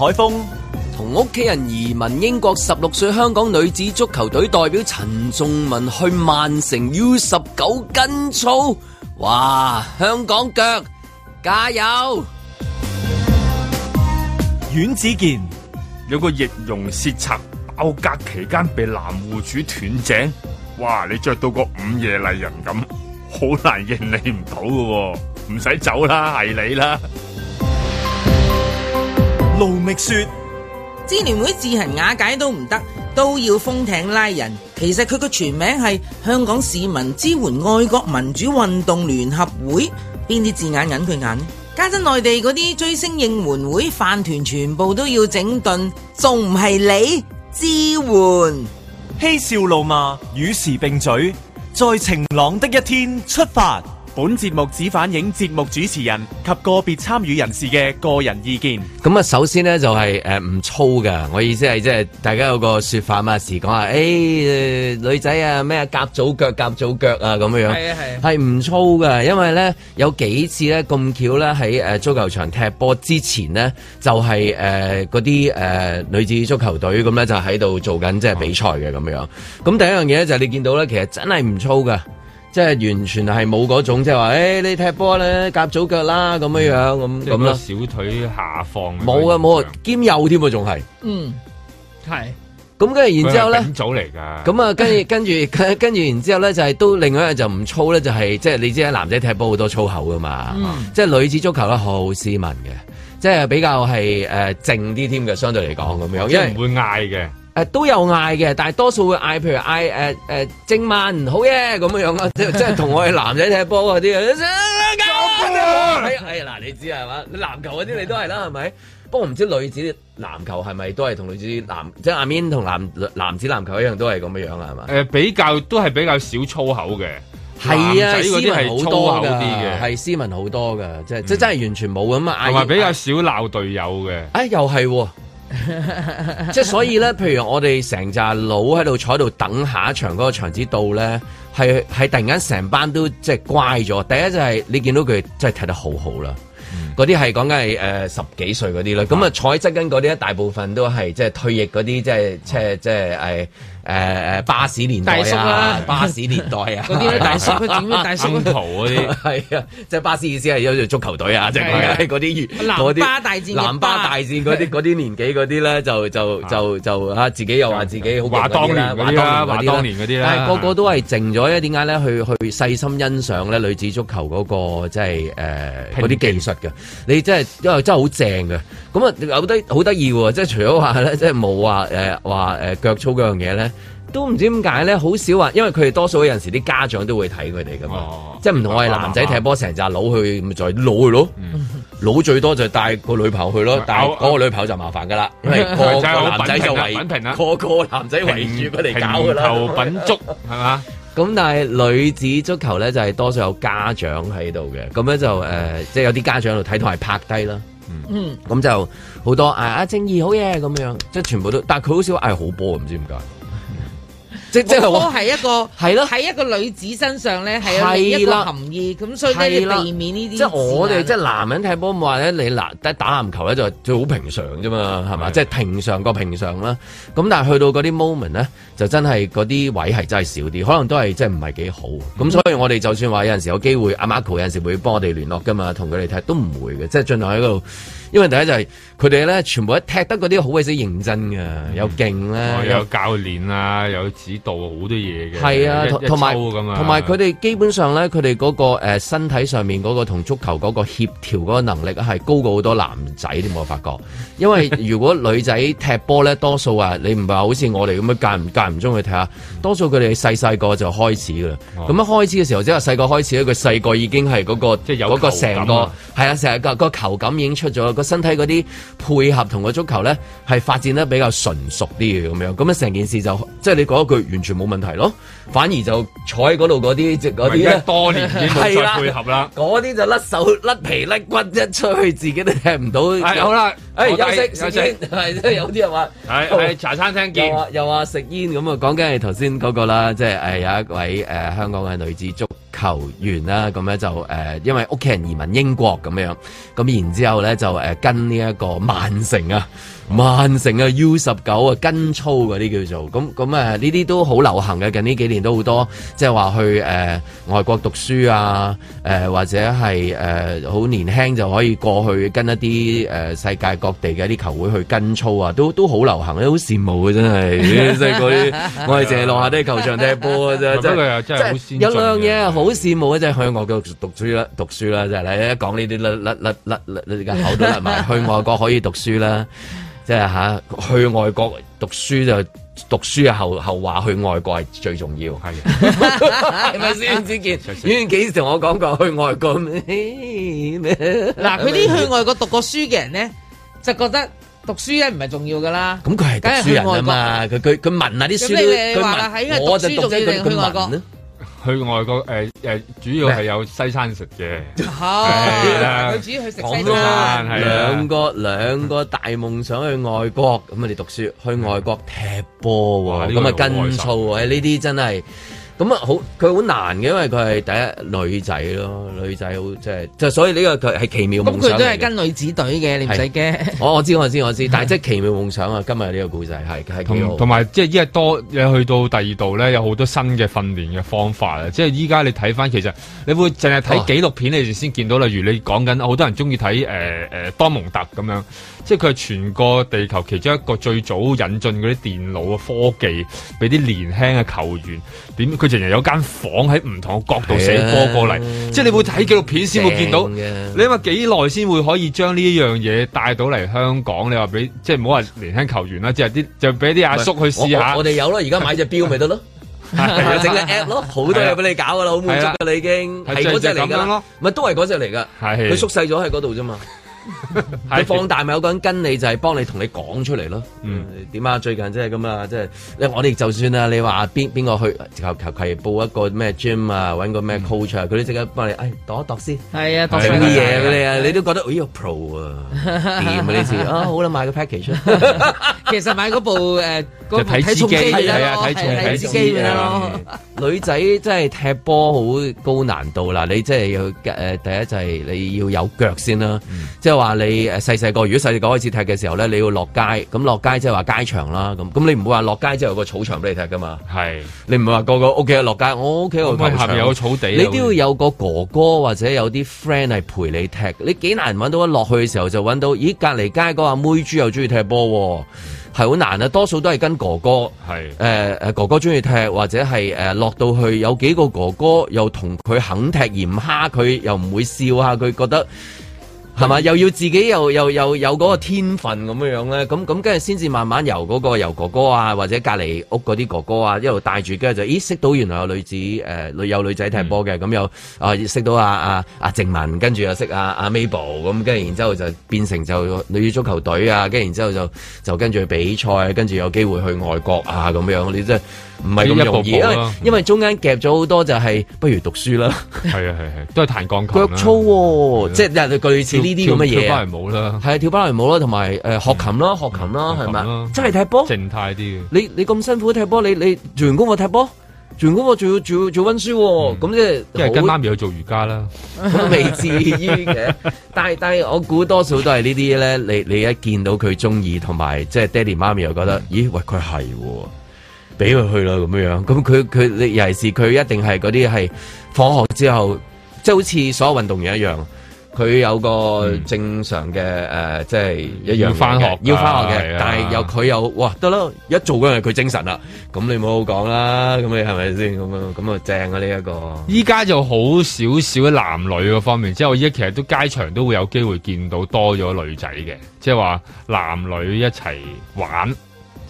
海峰同屋企人移民英國，十六歲香港女子足球隊代表陳仲文去曼城 U 十九跟操，哇！香港腳，加油！阮子健有個易容竊賊，爆格期間被男戶主斷正，哇！你着到個午夜麗人咁，好難認你唔到噶，唔使走啦，係你啦。盧覓雪，支聯會自行瓦解都唔得，都要封艇拉人。其實佢個全名係香港市民支援愛國民主運動聯合會，邊啲字眼引佢眼？家陣內地嗰啲追星應援會飯團，飯團全部都要整頓，仲唔係你支援？嬉笑怒罵，與時並舉，在晴朗的一天出發。本節目只反映節目主持人及個別參與人士嘅個人意見。咁啊，首先呢就係誒唔粗噶，我意思係即係大家有個說法啊時講話，誒女仔啊咩啊夾早腳夾早腳啊咁樣，係啊係，係唔粗噶，因為呢有幾次呢咁巧呢喺誒足球場踢波之前呢就係誒嗰啲誒女子足球隊咁呢就喺度做緊即係比賽嘅咁樣。咁、嗯、第一樣嘢咧就係、你見到呢其實真係唔粗噶。.即係完全係冇嗰種，即係話誒，你踢波咧夾咗腳啦，咁樣、嗯、樣咁咁啦。小腿下放冇啊冇啊，的的兼右添啊，仲係嗯係。咁跟住，然之後咧，組嚟噶。咁啊，跟住跟住跟住，然之後咧 就係、是、都另外一樣就唔粗咧，就係即係你知男仔踢波好多粗口噶嘛。嗯、即係女子足球咧好斯文嘅，即係比較係誒靜啲添嘅，相對嚟講咁樣，因為唔會嗌嘅。誒，都有嗌嘅，但係多數會嗌，譬如嗌誒誒，精、呃、曼、呃、好嘢咁樣樣 啊！即係即係同我哋男仔踢波嗰啲啊，係啊係啊！嗱、哎，你知係嘛？你籃球嗰啲你都係啦，係咪？ 我不過唔知女子籃球係咪都係同女子即 I mean 男即係阿 Min 同男男子籃球一樣都係咁樣樣啦，係嘛？誒、呃，比較都係比較少粗口嘅，係啊，嗰啲係粗口啲嘅，係斯文好多㗎、嗯、即係即真係完全冇咁啊，同、嗯、埋比較少鬧隊友嘅、哎，誒、哎，又係、啊。即係所以咧，譬如我哋成紮佬喺度坐喺度等下一場嗰、嗰個場子到咧，係係突然間成班都即係乖咗。第一就係你見到佢真係睇得好好啦。嗰啲係講緊係誒十幾歲嗰啲啦。咁、嗯、啊，坐喺側跟嗰啲，一大部分都係即係退役嗰啲，即係即係即係誒。就是嗯誒、呃、誒，巴士年代啊，啊，巴士年代啊，嗰啲咧，大少佢點咧？大叔啲係啊，即 係那、 啊就是、巴士意思係有隊足球隊啊，即係嗰啲南巴大戰、南巴大戰嗰啲啲年紀嗰啲咧，就就就就吓、啊、自己又話自己好話、啊、當年嗰啲啦，話當年嗰啲啦，但係個個都係靜咗一點解咧？去去細心欣賞咧女子足球嗰、那個即係誒嗰啲技術嘅，你真係因為真係好正嘅，咁啊有得好得意喎，即係除咗話咧，即係冇話誒話誒腳粗嗰樣嘢咧。都唔知點解咧，好少話，因為佢哋多數有陣時啲家長都會睇佢哋噶嘛，哦、即係唔同我哋男仔踢波，成扎佬去在、就是、去咯，攞、嗯、最多就帶個女朋友去咯，係、嗯、嗰個女朋友就麻煩噶啦，因為個個男仔圍個個男仔圍住嚟搞噶啦，球品，品，品足係嘛？咁、嗯嗯、但係女子足球咧就係、是、多數有家長喺度嘅，咁咧就誒、呃嗯，即係有啲家長喺度睇到係拍低啦，咁、嗯嗯、就好多阿、啊、正義好嘢咁樣，即係全部都，但係佢好少嗌好波，唔知點解。波係一個係咯，喺一個女子身上咧，係有一個含義。咁所以咧，你避免呢啲。即係、就是、我哋即係男人踢波冇話咧，你嗱打籃球咧就就好平常啫、就是、嘛，係嘛？即係平常個平常啦。咁但係去到嗰啲 moment 呢，就真係嗰啲位係真係少啲，可能都係即係唔係幾好。咁、嗯、所以我哋就算話有陣時有機會，阿 Marco 有陣時會幫我哋聯絡噶嘛，同佢哋踢都唔會嘅，即係盡量喺度。因為第一就係佢哋咧，全部一踢得嗰啲好鬼死認真嘅，有勁咧、嗯哦，有教練啊，有指導好多嘢嘅。係啊，同埋同埋佢哋基本上咧，佢哋嗰個誒、呃、身體上面嗰個同足球嗰個協調嗰個能力係高過好多男仔你我發覺。因為如果女仔踢波咧， 多數啊，你唔係好似我哋咁樣間唔間唔中去睇下，多數佢哋細細個就開始噶啦。咁、哦、一開始嘅時候即係細個開始咧，佢細個已經係嗰、嗰個即係有、嗰個成個係啊，成個、啊、個球感已經出咗。個身體嗰啲配合同個足球咧，係發展得比較純熟啲嘅咁樣，咁樣成件事就即係你講一句完全冇問題咯，反而就坐喺嗰度嗰啲即啲，多年已經冇再配合啦。嗰 啲就甩手甩皮甩骨一出去，自己都踢唔到。好啦，誒，休息休息，係即係有啲人話係係茶餐廳見，又話食煙咁啊！講緊係頭先嗰個啦，即係誒有一位誒、呃、香港嘅女子足。球員啦，咁咧就誒，因為屋企人移民英國咁樣，咁然之後咧就誒跟呢一個曼城啊。曼城啊，U 十九啊，跟操嗰啲叫做咁咁啊，呢啲都好流行嘅。近呢幾年都好多，即係話去誒、呃、外國讀書啊，誒、呃、或者係誒好年輕就可以過去跟一啲誒、呃、世界各地嘅一啲球會去跟操啊，都都好流行，好羨慕嘅真係。即係嗰啲我係淨係落下啲球場踢波嘅啫。有兩樣嘢係好羨慕嘅，即係去外國讀書啦，讀書啦，就係、是、你一講呢啲甩甩甩甩甩個口都甩埋，去外國可以讀書啦。即係吓去外國讀書就讀書後後話去外國係最重要，係咪先？子健，子健幾時同我講過去外國咩？嗱，嗰啲去外國讀過書嘅人咧，就覺得讀書咧唔係重要噶啦。咁佢係讀書人啊嘛，佢佢佢問下啲書都，佢聞喺外國，書重要定去外國咧？去外國，誒誒、呃，主要係有西餐食嘅。係啦，佢、啊、主要去食西餐。兩個兩、嗯、個大夢想去外國，咁我哋讀書去外國踢波喎，咁啊跟操喎，呢啲、哦、真係。嗯咁啊，好佢好難嘅，因為佢係第一女仔咯，女仔好即係，就是，所以呢個佢係奇妙夢想。咁佢都係跟女子隊嘅，你唔使驚。我我知我知我知，但係即係奇妙夢想啊！今日呢個故仔係係同埋即係因日多，你去到第二度咧，有好多新嘅訓練嘅方法，即係依家你睇翻，其實你會淨係睇紀錄片，你先見到例如你講緊好多人中意睇誒誒多蒙特咁樣，即係佢係全個地球其中一個最早引進嗰啲電腦嘅科技，俾啲年輕嘅球員。點佢成日有間房喺唔同角度寫歌過嚟，啊，即係你會睇紀錄片先會見到。你話幾耐先會可以將呢一樣嘢帶到嚟香港？你話俾即係唔好話年輕球員啦，即係啲就俾啲阿叔去試下。我哋有咯，而家買隻表咪得咯，整、 啊、個 app 咯，好多嘢俾你搞噶啦，好滿足噶、啊啊、你已經。係嗰隻嚟噶，咪、啊、都係嗰隻嚟噶，佢縮細咗喺嗰度啫嘛。係 放大咪有個人跟你就係幫你同你講出嚟咯。嗯、呃，點啊？最近真係咁啊，即係你我哋就算啊，你話邊邊個去求求其報一個咩 gym 啊，揾個咩 coach 啊，佢都即刻幫你度一度先。係啊，度啲嘢俾你啊，你都覺得哦，呢、啊啊啊啊啊啊嗯哎呃、pro 啊，點啊，啊？好啦，買個 package。 其實買嗰、那個呃那個、部誒，嗰個睇體重機啊，睇重睇機、啊啊啊啊嗯啊、女仔真係踢波好高難度啦。 你真係要誒，第一就係你要有腳先啦、啊，嗯、即話你誒，細細個如果細細個開始踢嘅時候咧，你要落街，咁落街即係話街場啦。咁咁你唔會話落街之後，有個草場俾你踢噶嘛？係你唔會話個個屋企落街，嗯、我屋企下地、嗯、下、嗯、下面有個草地，你都要有個哥哥或者有啲 friend 係陪你踢。你幾難揾到一落去嘅時候就揾到，咦？隔籬街嗰個阿妹豬又中意踢波，係好難啊！多數都係跟哥哥，係誒誒，哥哥中意踢或者係誒、呃、落到去有幾個哥哥又同佢肯踢鹽蝦，佢又唔會笑下，佢覺得。係嘛，又要自己又又又有嗰個天分咁樣樣咧，咁咁跟住先至慢慢由嗰、嗰個由哥哥啊，或者隔籬屋嗰啲哥哥啊一路帶住，跟住就咦，識到原來有女子誒女、呃、有女仔踢波嘅。咁、嗯、又啊識到啊啊阿靜文，跟住又識啊阿、啊、Mabel，咁跟住然之後就變成就女子足球隊啊，跟住然之後就就跟住去比賽，跟住有機會去外國啊咁樣樣，你真係唔係咁容易，因為因為中間夾咗好多就係、係、不如讀書啦，係啊係係，都係彈鋼琴啦，粗、啊、即係又類似。呢啲咁嘅嘢，跳芭蕾舞啦，係啊，跳芭蕾舞啦，同埋誒學琴啦，學琴啦，係、嗯、咪、嗯、真係踢波，靜態啲。你你咁辛苦踢波，你你做完功課踢波，做完功課仲要做要做溫書，咁、哦嗯、即係。即係跟媽咪去做瑜伽啦，未至於嘅。 但係但係，我估多數都係呢啲咧。你你一見到佢中意，同埋即係爹哋媽咪又覺得，嗯、咦喂，佢係、哦，俾佢去啦咁樣樣。咁佢佢你尤其是佢一定係嗰啲係放學之後，即、就、係、是、好似所有運動員一樣。佢有個正常嘅誒、嗯呃，即係一樣嘢嘅，要翻學嘅、啊。但係有佢有，哇，得囉，一做嗰樣嘢，佢精神啦。咁你冇好講啦。咁你係咪先咁樣？咁啊正啊！呢、這、一個依家就好少少男女嗰方面。即我依家其實都街場都會有機會見到多咗女仔嘅，即係話男女一齊玩。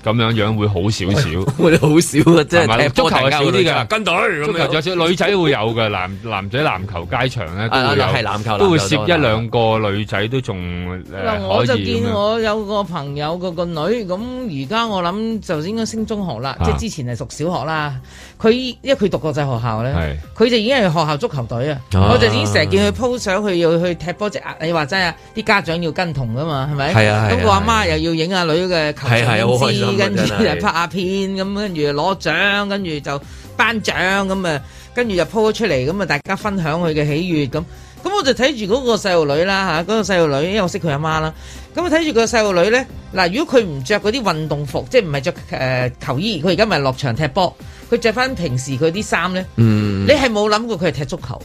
咁樣樣會好少少，會好少嘅。即係足球少啲嘅，跟隊咁樣，有少女仔會有嘅，男男仔籃球街場咧，都係籃球都會涉一兩個女仔 都仲我就見我有個朋友個女咁，而家我諗就應該升中學啦、啊，即係之前係讀小學啦。佢，因為佢讀國際學校咧，佢就已經係學校足球隊啊！我就已經成日見佢鋪上去，要去踢波，即你話齋啊，啲家長要跟同噶嘛，係咪？咁、啊啊嗰個阿媽,媽又要影下女嘅球衣、啊啊啊，跟住又拍下片，咁跟住攞獎，跟住就頒獎咁啊！跟住就鋪咗出嚟，咁啊大家分享佢嘅喜悦咁。咁我就睇住嗰個細路女啦嗰、嗰個細路女，因為我識佢阿媽啦。咁睇住個細路女咧，嗱，如果佢唔着嗰啲運動服，即係唔係着誒球衣，佢而家咪落場踢波，佢着翻平時佢啲衫咧，你係冇諗過佢係踢足球？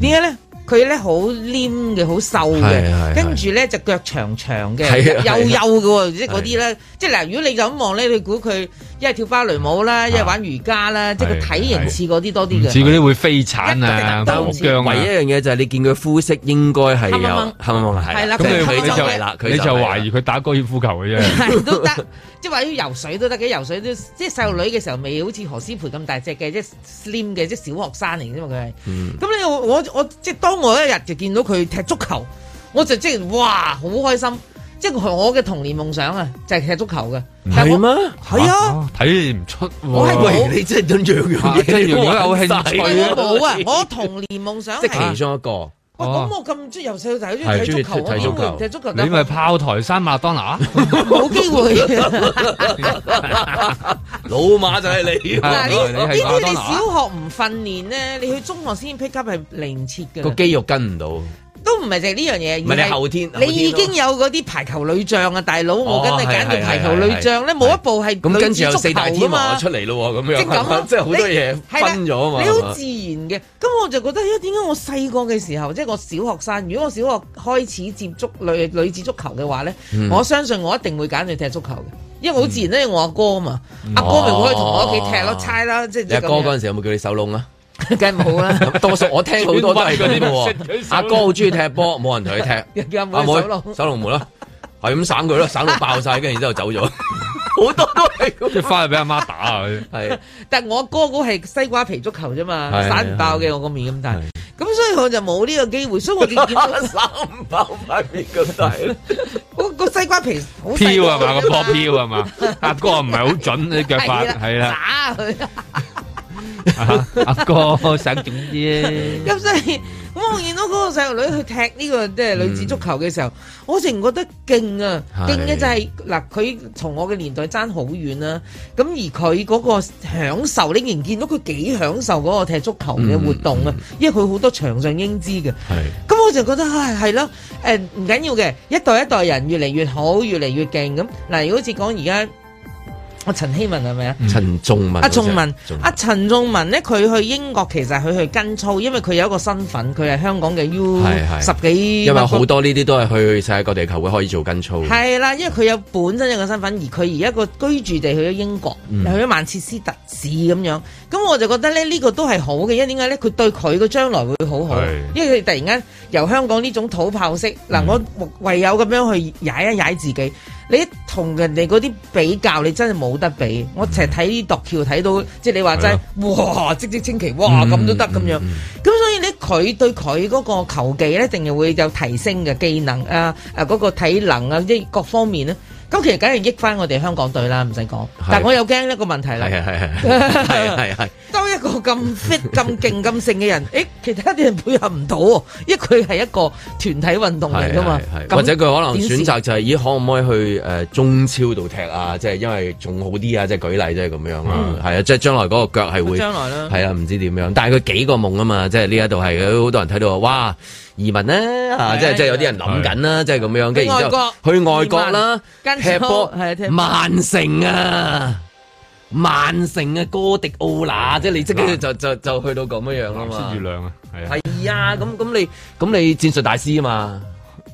點解咧？嗯佢咧好黏嘅，好瘦嘅，跟住咧隻腳長長嘅、啊，幼幼嘅喎，即係嗰啲咧，即係嗱，如果你咁望咧，你估佢一係跳芭蕾舞啦，一係、啊、玩瑜伽啦，即係個體型似嗰啲多啲嘅。似嗰啲會飛鏟啊，都唔僵。唯一、啊、一樣嘢就係你見佢膚色應該係有，係咪係？係啦、啊，咁佢、啊啊嗯啊、你就啦、okay，你就懷疑佢打高爾夫球嘅啫。 都行 即係話要游水都得嘅，游水都即係細路女嘅時候未好似何詩蓓咁大隻嘅，即、就、係、是、Slim 嘅，即係小學生嚟啫嘛佢係。咁你、嗯、我我即係當我一日就見到佢踢足球，我就即係哇好開心，即、就、係、是、我嘅童年夢想啊，就係、是、踢足球嘅。係咩？係啊，睇、啊、唔、啊、出。我係你真係咁樣樣嘅，即係如果我係冇啊，樣樣我，我童年夢想即係、啊、其中一個。咁、哦、我咁中，由細到大好中意踢足球啊，點會踢足球？你咪炮台山麥當拿，冇 機機會。 老馬就係你、啊、你。嗱，呢啲你小學唔訓練咧，你去中學先 pick up 係零切嘅。個肌肉跟唔到。都唔係淨係呢樣嘢，而係你已經有嗰啲排球女將啊，大佬、哦！我梗係揀做排球女將咧，冇、哦、一部係女子足球啊嘛，出嚟咯咁樣，即係咁，即係好多嘢分咗啊嘛。你好自然嘅，咁我就覺得，咦？點解我細個嘅時候，即、就、係、是、我小學生，如果我小學開始接觸女女子足球嘅話咧、嗯，我相信我一定會揀去踢足球嘅，因為好自然咧、嗯、我阿哥啊嘛，阿、哦、哥咪可以同我屋企踢咯，猜啦，即係阿哥嗰陣時有冇叫你手窿啊？梗冇啦， 多數我聽好多都係嗰啲喎。阿哥好中意踢波，冇人同佢踢有去。阿妹，守龍門啦，係咁省佢咯，省到爆晒，跟住之後走咗。好 多都係。翻去俾阿媽打佢。係， 但係我哥嗰係西瓜皮足球啫嘛， 散唔爆嘅，我個面咁大。咁所以我就冇呢個機會，所以我點點三爆塊面咁大。個 西瓜皮好飄啊嘛，嗰個波飄啊嘛。阿 哥唔係好準啲腳法，係 啦。打佢。阿、 啊、哥想勁啲，咁所以我見到嗰個細路女去踢呢個即係女子足球嘅時候，嗯、我成覺得勁啊！勁嘅就係、是、嗱，佢同我嘅年代爭好遠啦。咁而佢嗰個享受，你仍然見到佢幾享受嗰個踢足球嘅活動啊！嗯嗯、因為佢好多場上英姿嘅，咁我就覺得唉，係咯，誒唔緊要嘅，一代一代人越嚟越好，越嚟越勁。咁嗱，如果好似講而家。陳陳希文係咪、嗯、啊，啊？陳仲文，阿仲文，阿陳仲文咧，佢去英國其實佢去跟操，因為佢有一個身份，佢係香港嘅 U 是是是十幾，因為好多呢啲都係去世界各地球會可以做跟操。係啦，因為佢有本身有個身份，而佢而家個居住地去咗英國，嗯、去咗曼徹斯特市咁樣。咁我就覺得咧，呢、這個都係好嘅，因為點解咧？佢對佢嘅將來會好好，因為佢突然間由香港呢種土炮式嗱，我、嗯、唯有咁樣去踩一踩自己。你同人哋嗰啲比較，你真係冇得比。嗯、我成日睇啲度橋，睇、嗯、到即係你話齋，哇，即即清奇，哇咁都得咁樣。咁、嗯嗯嗯、所以咧，佢對佢嗰個球技咧，定係會有提升嘅技能啊，嗰、啊嗰個體能啊，即係各方面咧。咁其實梗係益翻我哋香港隊啦，唔使講。但我又驚一個問題啦。係係係當一個咁 fit、 咁勁、咁性嘅人，誒，其他啲人配合唔到因為佢係一個團體運動嚟噶嘛。或者佢可能選擇就係，咦，可唔可以去、呃、中超度踢啊？即係因為仲好啲啊、嗯！即係舉例，即係咁樣啦。係啊，即係將來嗰個腳係會。將來啦。係啊，唔知點樣？但係佢幾個夢啊嘛，即係呢一度係，好多人睇到話，哇！移民呢、啊？即係即係有啲人諗緊啦，即係咁樣，跟住、啊、然之後去外國啦，跟踢波係、啊、曼城啊，曼城啊，啊城啊哥迪奧拿，即係你即就就就，就去到咁樣樣啦嘛，月亮啊，係啊，係啊，咁咁你咁你戰術大師啊嘛，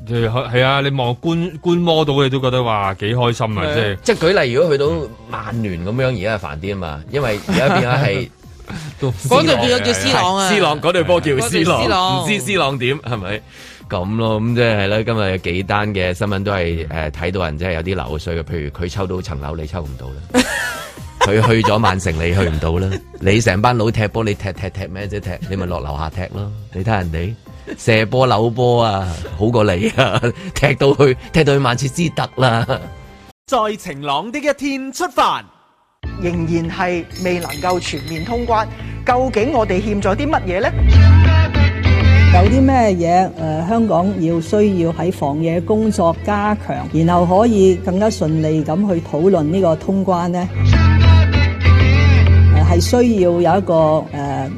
係啊，啊，你望觀觀摩到你都覺得哇幾開心啊，即係、啊、即、就、係、是啊、舉例如果去到曼聯咁樣，而家係煩啲啊嘛，因為而家變咗係。 嗰隊叫咗、嗰個、叫斯朗啊，斯朗嗰隊波叫斯朗，朗，唔知斯朗點係咪咁咯？咁即係咧，今日有幾單嘅新聞都係誒睇到人真係有啲流水嘅，譬如佢抽到層樓，你抽唔到啦；佢去咗曼城，你去唔到啦。 你成班佬踢波，你踢踢踢咩啫？踢、踢、踢你咪落樓下踢咯。你睇人哋射波、扭波啊，好過你啊！踢到去，踢到去萬切斯特啦。在晴朗的一天出發。仍然係未能夠全面通關，究竟我哋欠咗啲乜嘢咧？有啲咩嘢？誒，香港要需要喺防疫工作加強，然後可以更加順利咁去討論呢個通關咧？誒，係需要有一個誒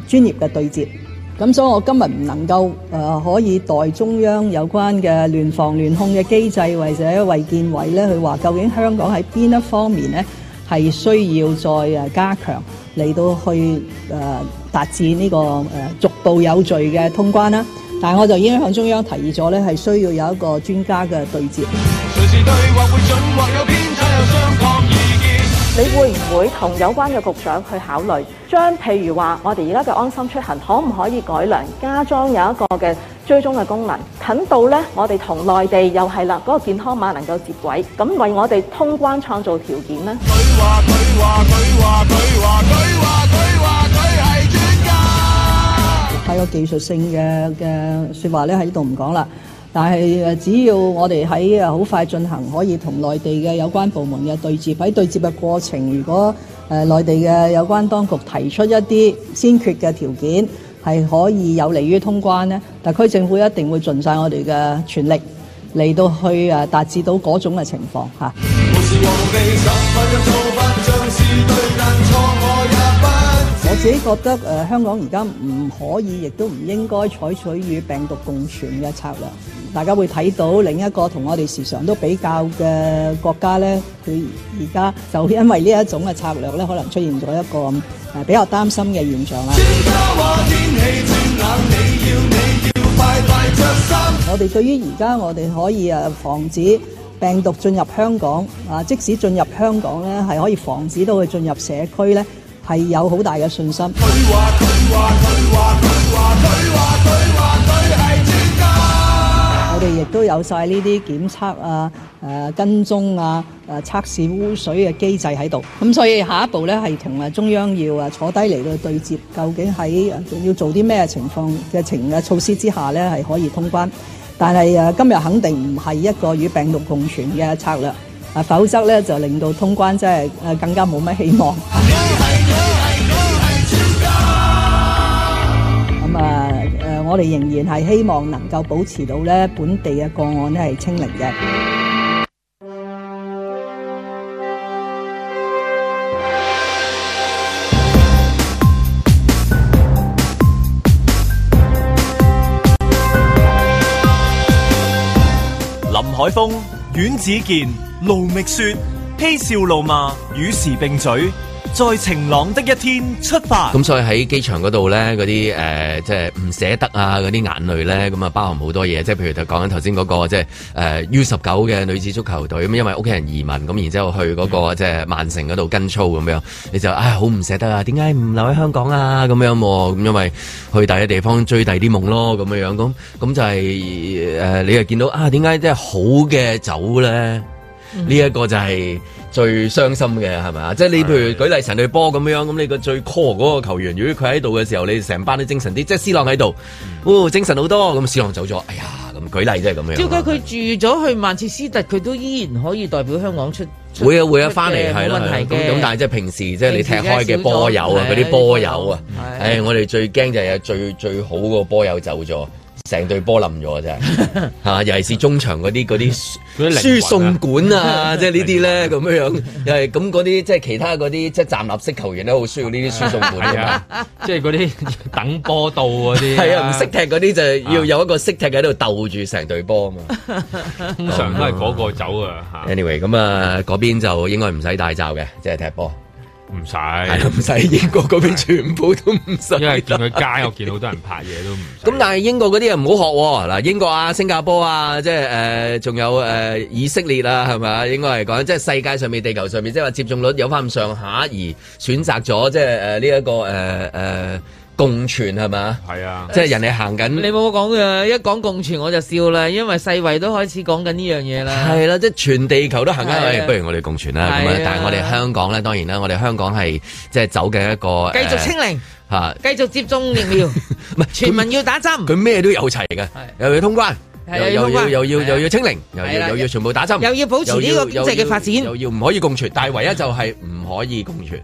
專業嘅對接。咁所以，我今日唔能夠誒可以代中央有關嘅聯防聯控嘅機制或者衞健委咧去話，究竟香港喺邊一方面咧？係需要再加強嚟到去誒達至呢個誒、呃、逐步有序嘅通關啦。但我就已經向中央提議咗咧，係需要有一個專家嘅對接。你會唔會同有關嘅局長去考慮，將譬如話我哋而家嘅安心出行可唔可以改良加裝有一個嘅追蹤嘅功能，近到咧，我哋同內地又係啦，嗰、嗰個健康碼能夠接軌，咁為我哋通關創造條件咧。喺個技術性嘅嘅説話咧，喺呢度唔講啦。但係誒，只要我哋喺啊好快進行，可以同內地嘅有關部門嘅對接。喺對接嘅過程，如果誒內、呃、地嘅有關當局提出一啲先決嘅條件。係可以有利於通關咧，特區政府一定會盡晒我哋嘅全力嚟到去誒達至到嗰種嘅情況嚇。我自己覺得誒、呃、香港而家唔可以，亦都唔應該採取與病毒共存嘅策略、嗯。大家會睇到另一個同我哋時常都比較嘅國家呢，佢而家就因為呢一種嘅策略呢，可能出現咗一個。比較擔心嘅現象啦。專家話天氣轉冷，你要你要快快著衫。我哋對於而家我哋可以啊防止病毒進入香港啊，即使進入香港咧，係可以防止到佢進入社區咧，係有好大嘅信心。我哋亦都有晒呢啲檢測啊、誒、啊、跟蹤啊、誒測試污水嘅機制喺度。咁所以下一步呢，係同啊中央要啊坐低嚟到對接，究竟喺要做啲咩情況嘅情嘅措施之下呢，係可以通關。但係誒、啊、今日肯定唔係一個與病毒共存嘅策略，啊，否則呢，就令到通關真係誒更加冇乜希望。我哋仍然係希望能夠保持到咧本地嘅個案咧係清零嘅。林海峰、阮子健、盧覓雪、嬉笑怒罵與時並舉。在晴朗的一天出發。咁所以喺機場嗰度咧，嗰啲誒，即係唔捨得啊，嗰啲眼淚咧，咁啊包含好多嘢，即係譬如說說、那個、就講緊頭先嗰個即係誒 U 十九嘅女子足球隊，咁因為屋企人移民，咁然之後去嗰、那個即係曼城嗰度跟操咁樣，你就唉好唔捨得啊，點解唔留喺香港啊咁樣啊？咁因為去大嘅地方追大啲夢咯，咁樣樣咁咁就係、是、誒、呃，你又見到啊，點解即係好嘅走咧？呢、mm、一 -hmm. 個就係、是。最傷心嘅係咪啊？即係你譬如舉例成隊波咁樣，咁你個最 core 嗰個球員，如果佢喺度嘅時候，你成班都精神啲。即係斯朗喺度，精神好多。咁思斯朗走咗，哎呀，咁舉例真係咁樣。如果佢住咗去曼徹斯特，佢都依然可以代表香港出。會啊會啊，翻嚟係啦。咁但係即係平時即係你踢開嘅波友啊，嗰啲波友啊、哎，我哋最驚就係有最最好個波友走咗。成隊波冧咗啊！真係吓，尤其是中場嗰啲嗰啲輸送管啊，即 係呢啲咧咁樣樣。又係咁嗰啲即係其他嗰啲即係站立式球員咧，好需要呢啲輸送管 這樣 啊，即係嗰啲等波道嗰啲。係啊，唔識踢嗰啲就要有一個識踢喺度鬥住成隊波啊嘛。 通常都係嗰個走 啊。Anyway，咁啊，嗰邊就應該唔使戴罩嘅，即係踢波。唔使，係啦，唔使。英國嗰邊全部都唔使。因為見佢街，我見到好多人拍嘢都唔使。咁 但係英國嗰啲人唔好學喎。嗱，英國啊、新加坡啊，即係誒，仲、呃、有誒、呃、以色列啊，係咪啊？應該嚟講，即係世界上面、地球上面，即係話接種率有翻咁上下，而選擇咗即係誒呢一個誒誒。呃呃共存係嘛？係啊，即係人哋行緊。你冇講啊！一講共存我就笑啦，因為世衛都開始講緊呢樣嘢啦。係啦、啊，即係全地球都行緊，啊、不如我哋共存啦。咁、啊、但係我哋香港咧，當然啦，我哋香港係即係走嘅一個繼、啊啊、續清零吓，繼續接種疫苗，係 全民要打針。佢 咩都有齊嘅、啊，又要通關，又要又要、啊、又要清零，啊、又要又要全部打針，又要保持呢個經濟嘅發展，又要唔可以共存，啊、但係唯一就係唔可以共存。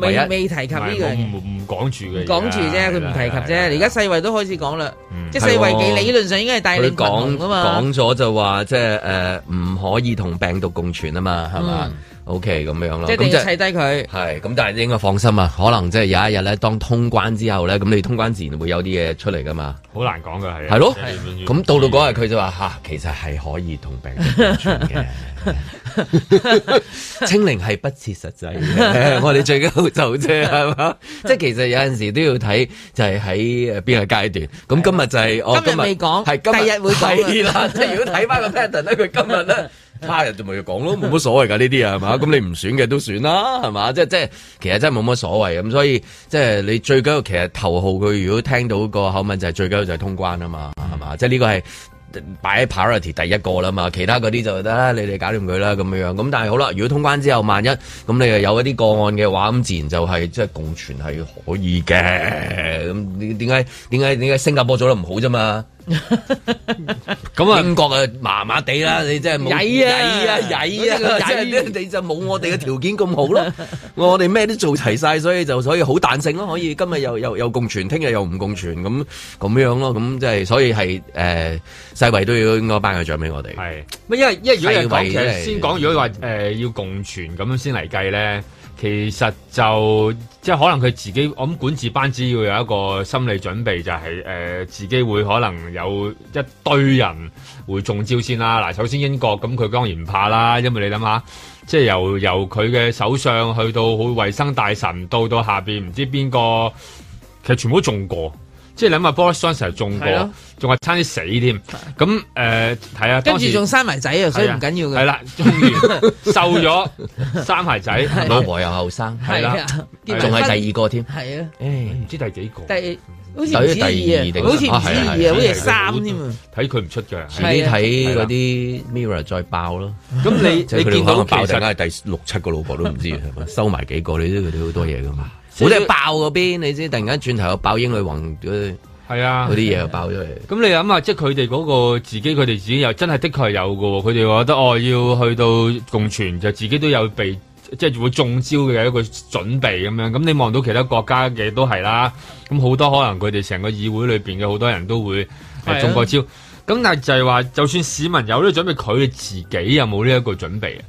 未未，未提及呢個唔講住嘅，講住啫，佢唔、啊、提及啫。而家世衛都開始講啦、嗯，即係世衞嘅理論上是應該係帶你病毒㗎嘛。講咗就話即係誒，唔、呃、可以同病毒共存啊嘛，係嘛？嗯 O K，咁樣咯，即係就要砌低佢。係，咁但係應該放心啊，可能即係有一日咧，當通關之後咧，咁你通關自然會有啲嘢出嚟噶嘛。好難講嘅係。係咯，咁、嗯、到到嗰日佢就話吓、啊，其實係可以同病毒共存嘅， 清零係不切實際嘅， 我哋最緊要就啫，係嘛？ 即係其實有陣時都要睇，就係喺邊個階段。咁 今日就係、是、我今日未講，係今日會睇啦。 即係如果睇翻個 pattern 咧，佢今日咧。他人就咪要講咯，冇乜所謂㗎呢啲啊，係嘛？咁 你唔選嘅都選啦，係嘛？即係即係，其實真係冇乜所謂咁，所以即係你最緊要其實頭號佢如果聽到個口吻就係、是、最緊要就係通關啊嘛，係嘛、嗯？即係呢個係擺喺 priority 第一個啦嘛，其他嗰啲就得啦，你哋搞掂佢啦咁樣。咁但係好啦，如果通關之後萬一咁你又有一啲個案嘅話，咁自然就係、是、即係共存係可以嘅。咁點解點解點解新加坡做得唔好啫嘛？咁 啊，英國啊，麻麻地啦，你真係冇曳啊，曳啊，曳啊，曳啊，即係、啊，你就冇我哋嘅條件咁好咯。 我哋咩都做齊晒，所以就所以好彈性咯，可以今日又又又共存，聽日又唔共存，咁咁樣咯。咁即係所以係誒、呃，世衛都要應該頒個獎俾我哋。係，因為因為如果其實先講如果話誒、呃、要共存咁樣先嚟計咧。其實就即係可能佢自己，我諗管治班子要有一個心理準備，就係、是、誒、呃、自己會可能有一堆人會中招先啦。嗱，首先英國咁佢當然唔怕啦，因為你諗下，即係由由佢嘅首相去到好衞生大臣，到到下面唔知邊個，其實全部都中過。即係諗下，Boys 雙成日中過，仲係差啲死添。咁誒睇下，啊呃、跟住仲生埋仔啊，所以唔緊要嘅。係啦、啊，中完、啊、 瘦咗，生埋仔、啊，老婆又後生，係啦、啊，仲係、啊啊啊、第二個添。係啊，唔、哎、知第幾個？第好似第二定好似第二，好似三添嘛？睇佢唔出嘅，自己睇嗰啲 mirror 再爆咯。咁你你見到爆爆嘅係第六七個老婆都唔知，收 埋幾個你都佢哋好多嘢㗎嘛？我、就、哋、是、爆嗰邊，你知突然間轉頭又爆英女王，係啊，嗰啲嘢，又爆咗嚟。咁、啊、你諗下，即係佢哋嗰個自己，佢哋自己又真係的確係有噶。佢哋覺得哦，要去到共存，就自己都有備，即係會中招嘅一個準備咁樣。咁你望到其他國家嘅都係啦。咁好多可能佢哋成個議會裏邊嘅好多人都會、啊、中過招。咁但係就係話，就算市民有呢個準備，佢自己有冇呢一個準備啊？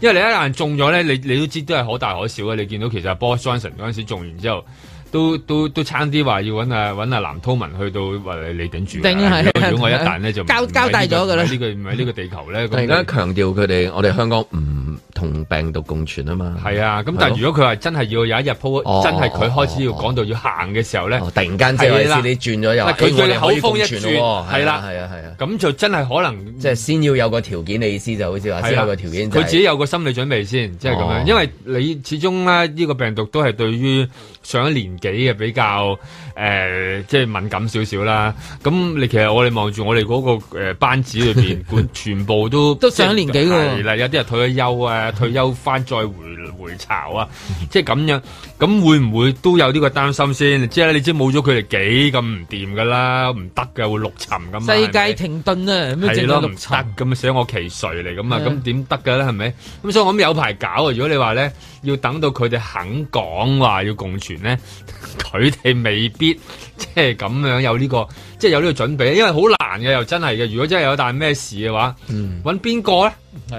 因為你一旦中咗咧，你你知都知都係可大可小嘅。你見到其實 Boris Johnson 嗰陣時中完之後。都都都差啲話要揾啊揾啊藍韜文去到話你頂住、啊，如果我一旦呢就、這個、交交代咗㗎啦，呢、這個唔係呢、這個、個地球咧，強調佢哋我哋香港唔同病毒共存啊嘛。係啊，咁但係如果佢話真係要有一日、哦、真係佢開始要講到要行嘅時候咧、哦哦哦哦哦，突然間即係好似你轉咗又，佢你口風一轉，係啦係啊係啊，咁、啊啊、就真係可能即係、就是、先要有個條件，你意思就好似話、啊、先有個條件、就是，佢自己有個心理準備先，即係咁樣、哦，因為你始終咧呢個病毒都係對於。上咗年紀嘅比較誒，即係敏感少少啦。咁你其實我哋望住我哋嗰個誒班子裏邊，全全部都都上咗年紀嘅。係啦，有啲人退咗休啊，退休返再回回巢啊，即係咁樣。咁會唔會都有呢個擔心先？即係你知冇咗佢哋幾咁唔掂嘅啦，唔得嘅會六沉嘅嘛。世界停頓啊，係咯，唔得咁啊，捨我其誰嚟咁啊，咁點得嘅咧？係咪？咁所以我諗有排搞啊。如果你話咧。要等到佢哋肯講話要共存呢，佢哋未必即係咁樣有呢、這個，即、就、係、是、有呢個準備。因為好難嘅，又真係嘅。如果真係有但咩事嘅話，嗯，揾邊個呢？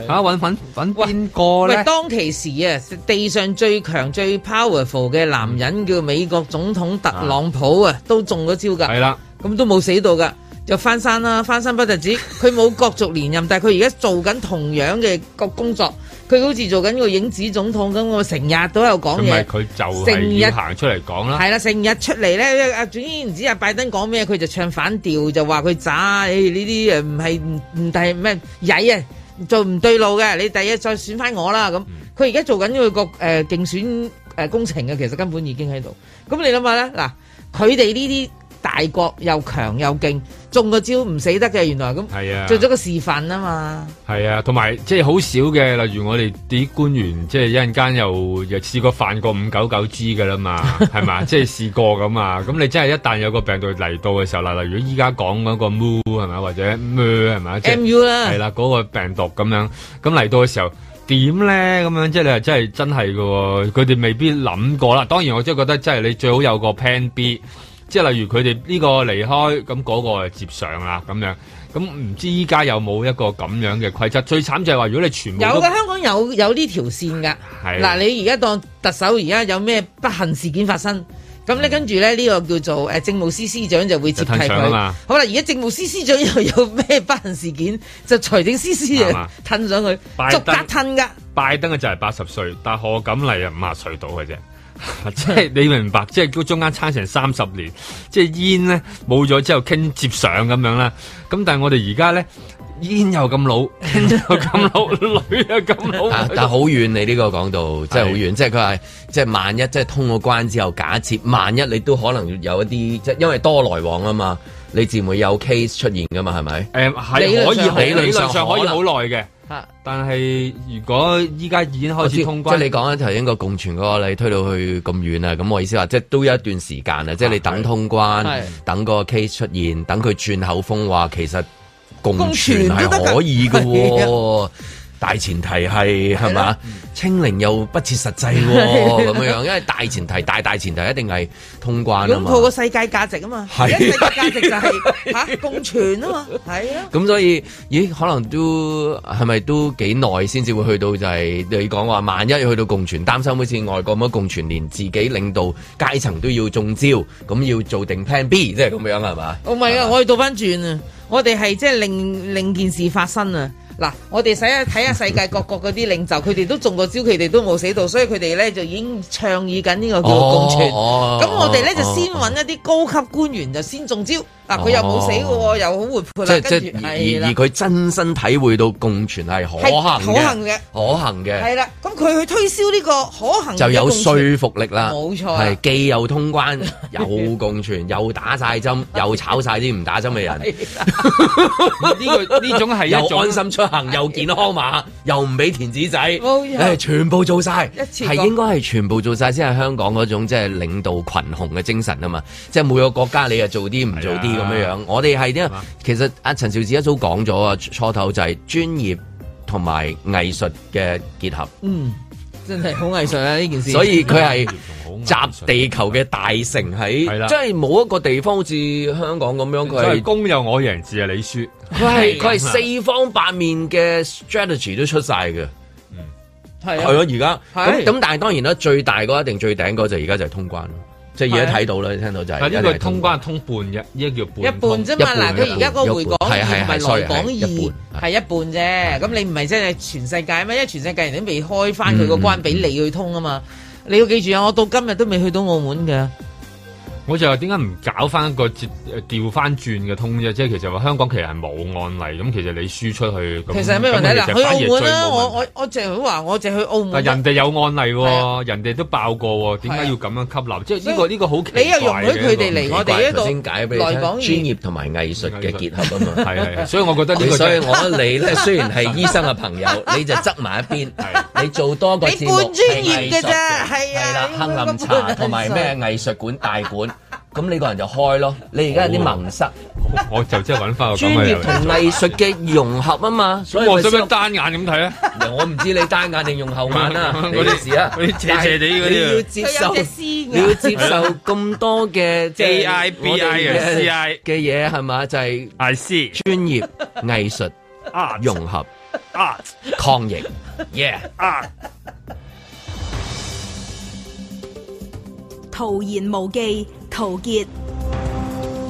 嚇、啊，揾揾揾邊個呢？喂，當其時啊，地上最強最 powerful 嘅男人、嗯、叫美國總統特朗普啊，都中咗招㗎。係啦，咁都冇死到㗎，就翻山啦，翻生不特止。佢冇角逐連任， 但佢而家做緊同樣嘅個工作。佢好似做緊個影子總統咁，我成日都有講嘢。唔係佢就成日行出嚟講啦。係啦，成日出嚟咧，阿總言之啊，拜登講咩，佢就唱反調，就話佢渣。唉，呢啲誒唔係唔唔，唔係咩曳啊，做唔對路嘅。你第日再選返我啦咁。佢而家做緊個個誒競選誒工程嘅，其實根本已經喺度。咁你諗下咧，嗱，佢哋呢啲。大國又強又勁，中個招唔死得嘅，原來咁係啊，做咗個示範啊嘛。係啊，同埋即係好少嘅，例如我哋啲官員，即係一陣間又又試過犯過五九九 G 噶啦嘛係嘛， 即係試過咁啊。咁你真係一旦有個病毒嚟到嘅時候，嗱，例如依家講嗰個 Mu 係嘛，或者咩係嘛，Mu 啦，係啦，嗰個病毒咁樣，咁嚟到嘅時候點咧？咁樣即係真係真係噶，佢哋未必諗過啦。當然，我真係覺得真係你最好有個 Plan B。即係例如佢哋呢個離開咁嗰個接上啦咁樣，咁唔知依家有冇一個咁樣嘅規則？最慘就係話如果你全部有嘅香港有有呢條線噶，嗱你而家當特首而家有咩不幸事件發生，咁咧跟住咧呢、這個叫做誒、啊、政務司司長就會接替佢。吞上嘛。好啦，而家政務司司長又有咩不幸事件，就財政司司長吞上,上去，逐格吞噶。拜登嘅就係八十歲，但係賀錦麗啊，五啊歲到嘅啫。 即係你明白，即係都中間差成三十年，即係煙咧冇咗之後，傾接上咁樣啦。咁但係我哋而家咧，煙又咁老，又咁老 女又咁老。 但係好遠你呢個講到，即係好遠。即係佢係即係萬一，即係通過關之後，假設萬一你都可能有一啲，即係因為多來往啊嘛，你自然會有 case 出現噶嘛，係咪？誒、嗯，係可以，理論上可以好耐嘅。但係如果依家已經開始通關，啊，即係你講頭先應該共存嗰個你推到去咁遠啊，咁我意思話，即係都有一段時間啊，即係你等通關，等個 case 出現，等佢轉口風話其實共存係可以㗎喎。 大前提係係嘛清零又不切實際咁，啊啊、樣，因為大前提大大前提一定係通關啊嘛。咁個世界價值啊嘛，啊世界價值就係、是、嚇、啊啊、共存啊嘛，係啊。咁所以咦，可能都係咪都幾耐先至會去到就係、是、你講話萬一要去到共存，擔心好似外國咁共存連自己領導階層都要中招，咁要做定 Plan B，即係咁樣係嘛？哦唔係啊，我係倒翻轉啊，我哋係即係另另件事發生啊。嗱，我哋使啊睇下世界各國嗰啲領袖，佢哋都中過招，佢哋都冇死到，所以佢哋呢就已經倡議緊呢個叫做共存。咁、哦、我哋呢、哦、就先揾一啲高級官員、哦、就先中招。嗱，佢又冇死嘅喎，又好活潑即跟住係而而佢真身體會到共存係可行嘅，可行嘅，可行嘅。係啦，咁佢去推銷呢個可行嘅就有說服力啦。冇錯，係既有通關，有共存，又打晒針，又炒晒啲唔打針嘅人。呢個呢種係又安心出行，又健康碼，又唔俾填紙仔、哎，全部做晒，係應該係全部做晒。先係香港嗰種即係、就是、領導群雄嘅精神啊嘛！即、就、係、是、每個國家你又做啲唔做啲。咁樣樣，我哋係點，其實阿陳兆子一早講咗啊，初頭就係專業同埋藝術嘅結合。嗯，真係好藝術啊！呢 件事，所以佢係集地球嘅大成喺，即係冇一個地方好似香港咁樣，佢係公又我贏，字啊，你輸。佢係四方八面嘅 strategy 都出晒嘅。嗯，係係啊！而家咁咁，但係當然啦，最大嗰一定最頂嗰就而家就係通關。即係而家睇到啦，你聽到就係、是。但係呢通關通半啫，一個叫半通。一半啫嘛、啊，嗱，佢而家個回港易唔係來港易，係一半啫。咁你唔係真係全世界咩？因為全世界人都未開翻佢個關俾你去通啊嘛，嗯嗯。你要記住啊，我到今日都未去到澳門㗎。我就為什麼不話點解唔搞翻個調翻轉嘅通啫？即係其實話香港其實係冇案例，咁其實你輸出去其實咩問題，其實去澳門、啊、我我我淨係話我淨係去澳門。人哋有案例喎、哦啊，人哋都爆過喎、哦，點解要咁樣吸納？即係呢個呢、呢個好奇怪，你又容許佢哋嚟。我哋一個來講，專業同埋藝術嘅結合啊嘛！係係 所以我覺得呢個，所以我覺得你咧 雖然係醫生嘅朋友， 你就側埋一邊，你做多個你本專業嘅啫，係啦，杏林茶同埋咩藝術館大館。咁你個人就開咯，你而家有啲盲塞，我就即係搵翻個專業同藝術嘅融合啊嘛，所以我想單眼點睇咧，我唔知你單眼定用後眼啊。嗰啲事啊，斜斜地嗰啲，你要接受，你要接受咁多嘅 a I B I C I 嘅嘢係嘛，就係 I C 專業藝術融合 a 抗疫。y e a h 童言無忌。陶傑，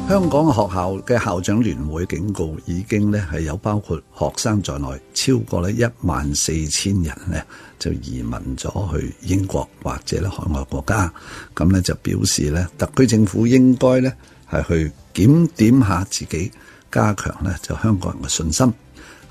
香港學校嘅校長聯會警告，已經咧係有包括學生在內超過咧一萬四千人咧就移民咗去英國或者咧海外國家，咁咧就表示咧特區政府應該咧係去檢點下自己，加強咧就香港人嘅信心。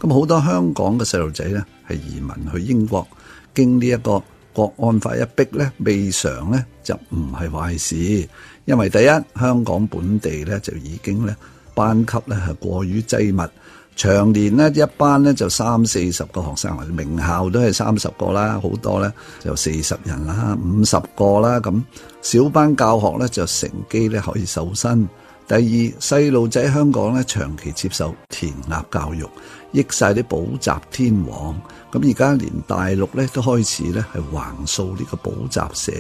咁好多香港嘅細路仔咧係移民去英國，經呢一個國安法一逼咧，未嘗咧就唔係壞事。因為第一，香港本地咧就已經咧班級咧係過於擠密，長年咧一班咧就三四十個學生，名校都係三十個啦，好多咧就四十人啦、五十個啦，咁小班教學咧就乘機咧可以瘦身。第二，細路仔香港咧長期接受填鴨教育，益晒啲補習天王。咁而家連大陸咧都開始咧係橫掃呢個補習社。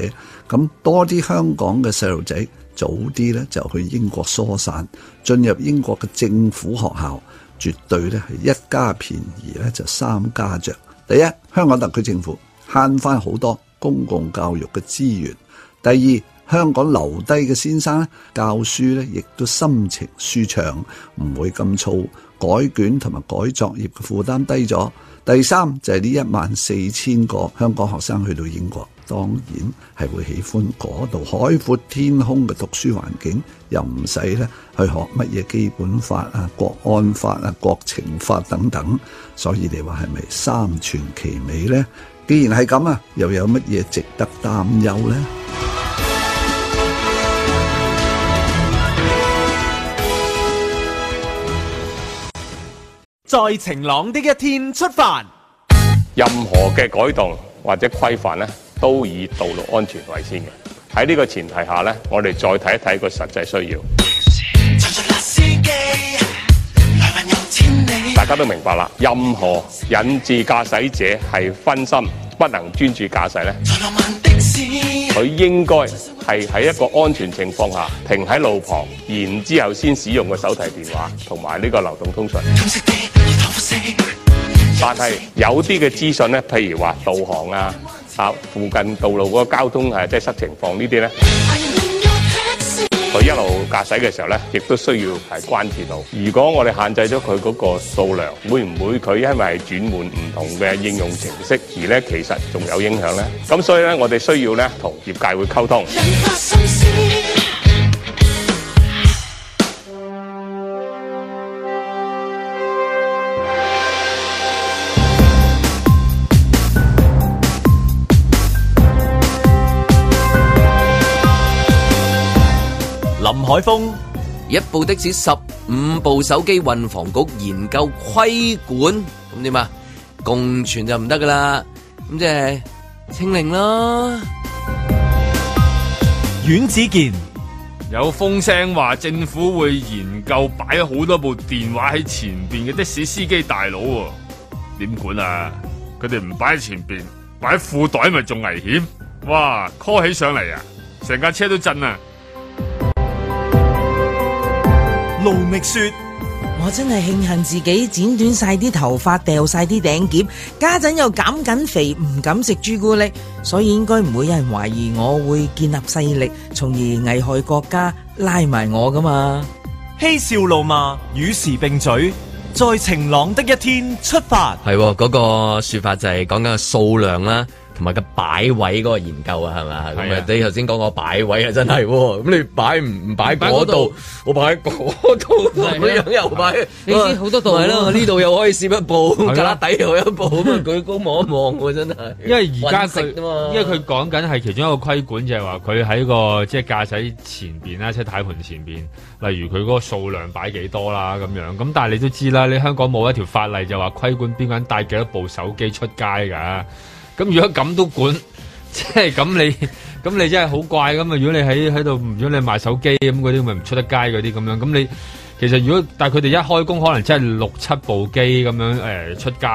咁多啲香港嘅細路仔早啲咧就去英國疏散，進入英國嘅政府學校，絕對咧係一家便宜咧就三家着。第一，香港特區政府慳返好多公共教育嘅資源。第二。香港留低嘅先生教書咧亦都心情舒暢，唔會咁燥，改卷同埋改作業嘅負擔低咗。第三就係呢一萬四千個香港學生去到英國，當然係會喜歡嗰度海闊天空嘅讀書環境，又唔使咧去學乜嘢基本法啊、國安法啊、國情法等等。所以你話係咪三全其美呢？既然係咁啊，又有乜嘢值得擔憂呢？再晴朗的一天出發。任何嘅改動或者規範呢，都以道路安全為先嘅。喺呢個前提下呢，我哋再睇一睇個實際需要司你。大家都明白啦，任何引致駕駛者係分心，不能專注駕駛呢，佢應該係喺一個安全情況下停喺路旁，然之後先使用個手提電話同埋呢個流動通訊。但係有啲嘅資訊咧，譬如話導航啊，啊附近道路嗰個交通誒，即係塞情況呢啲呢，佢一路駕駛嘅時候呢，亦都需要係關電路。如果我哋限制咗佢嗰個數量，會唔會佢因為係轉換唔同嘅應用程式，而呢？其實仲有影響呢？咁所以呢，我哋需要呢同業界會溝通。海風，一部的士十五部手機，運房局研究規管，咁點啊？共存就唔得㗎喇，咁即係清零咯。阮子健有風聲話，政府會研究擺好多部電話喺前邊嘅的,的士司機大佬，點管啊？佢哋唔擺喺前邊，擺喺褲袋咪仲危險？哇，call 起上嚟啊，成架車都震啊！盧覓雪，我真係慶幸自己剪短晒啲頭髮，掉晒啲頂夾，家陣又減緊肥，唔敢食朱古力，所以應該唔會有人懷疑我會建立勢力，從而危害國家，拉埋我噶嘛。嬉笑怒罵，與時並舉，在晴朗的一天出發。係喎，嗰個說法就係講緊數量啦。同埋個擺位嗰個研究啊，係嘛？咁啊，你頭先講個擺位擺擺擺擺啊，真係咁你擺唔唔擺嗰度？我擺嗰度，咁樣又擺，你知好多度係、啊、啦。呢 度又可以攝一部，架、啊、底又一部，佢舉高望一望、啊，真係。因為而家食啊嘛，因為佢講緊係其中一個規管，就係話佢喺個即係駕駛前邊啦，即係軚盤前邊，例如佢嗰個數量擺幾多啦咁樣。咁但係你都知啦，你香港冇一條法例就話規管邊個人帶幾多部手機出街噶。咁如果咁都管，即係咁你咁你真係好怪咁啊！如果你喺喺度，如果你賣手機咁嗰啲咪唔出得街嗰啲咁樣，咁你其實如果但係佢哋一開工可能真係六七部機咁樣誒出街，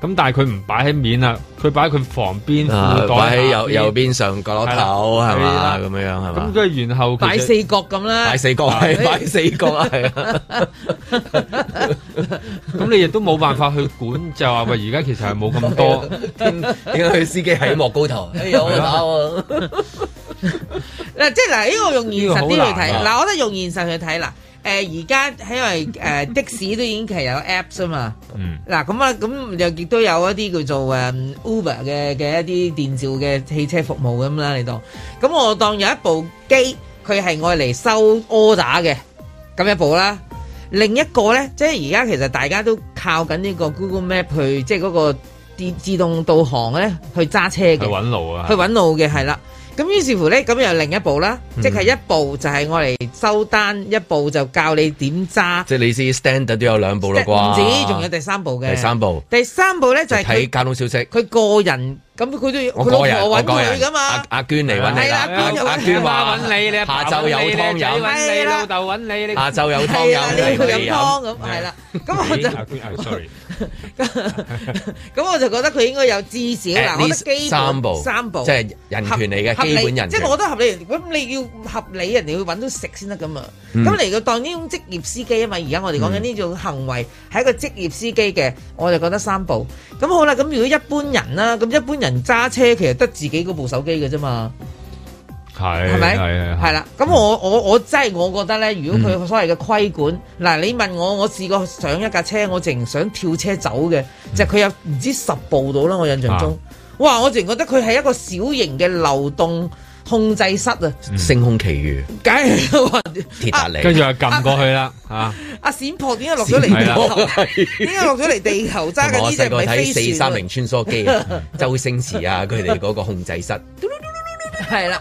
咁但係佢唔擺喺面啊，佢擺喺佢房邊，擺喺右右邊上角落頭係咪咁樣樣係咪？咁跟住然後擺四角咁啦，擺四角係擺四角啊，係。咁 你亦都冇辦法去管，就話咪而家其實係冇咁多，點解佢司機喺莫高頭？哎呀，好打喎！嗱， 即係嗱，呢、這個用現實啲去睇，嗱，在在我覺得用、 呃、現實去睇，嗱，誒，而家係因為誒的士都已經其實有 Apps 啊嘛，嗱、 嗯，咁啊，咁又亦都有一啲叫做誒 Uber 嘅嘅一啲電召嘅汽車服務咁啦，你當，咁我當有一部機，佢係愛嚟收 order 嘅，咁一部啦。另一個咧，即係而家其實大家都靠緊呢個 Google Map 去即係嗰個自動導航咧去揸車嘅，去搵路啊，去搵路嘅係啦。咁於是乎咧，咁又另一部啦，嗯、即係一部就係我嚟收單，一部就教你點揸。即係你知 standard 都有兩部啦啩，唔止，仲、啊、有第三部嘅。第三部，第三部咧就係睇交通消息。佢個人。咁佢都要，佢個人我揾佢㗎嘛，阿娟嚟揾你，啊娟你啊，阿娟話揾你，啊，你，你，你阿爸，下晝有湯飲，係啦，老豆揾你，下晝有湯飲，係啦，佢飲湯咁，係啦，咁，嗯、我就，咁我就覺得佢應該有至少，我覺得基三步三步，即係人權嚟嘅基本人，即係我覺得合理。咁你要合理，人哋會揾到食先得㗎嘛。咁嚟到當呢種職業司機啊嘛。而家我哋講緊呢種行為係一個職業司機嘅，我就覺得，， 啊，覺得三步。咁好啦，咁如果一般人啦，咁一般人。揸車其實得自己嗰部手機嘅啫嘛，係係咪係啦？咁、嗯、我我我真係我覺得呢，如果佢所謂嘅規管，嗱、嗯，你問我，我試過上一架車，我淨想跳車走嘅、嗯，就佢、是、有唔知道十步到啦，我印象中，啊、哇！我淨覺得佢係一個小型嘅流動。控制室啊，嗯、星空奇遇，梗係都話鐵達尼，跟、啊、住又撳過去啦，吓、啊，阿閃破點解落咗嚟地球，點解落咗嚟地球揸架飛船？我細個睇四三零穿梭機， 周星馳馳啊，佢哋嗰個控制室，係啦。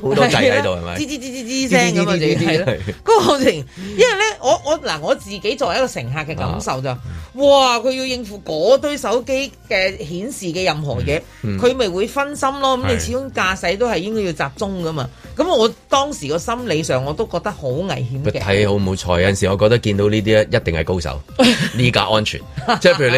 好多掣喺度係咪？吱吱吱吱吱聲咁嘛就係咯。嗰個過程，因為咧，我我嗱、啊，我自己作為一個乘客嘅感受就是，啊、哇，佢要應付嗰堆手機嘅顯示嘅任何嘢，佢、嗯、咪、嗯、會分心咯。咁你始終駕駛都係應該要集中噶嘛。咁我當時個心理上我都覺得好危險嘅。睇好唔好彩？有陣時我覺得見到呢啲一定係高手，呢、啊、架安全。 即係譬如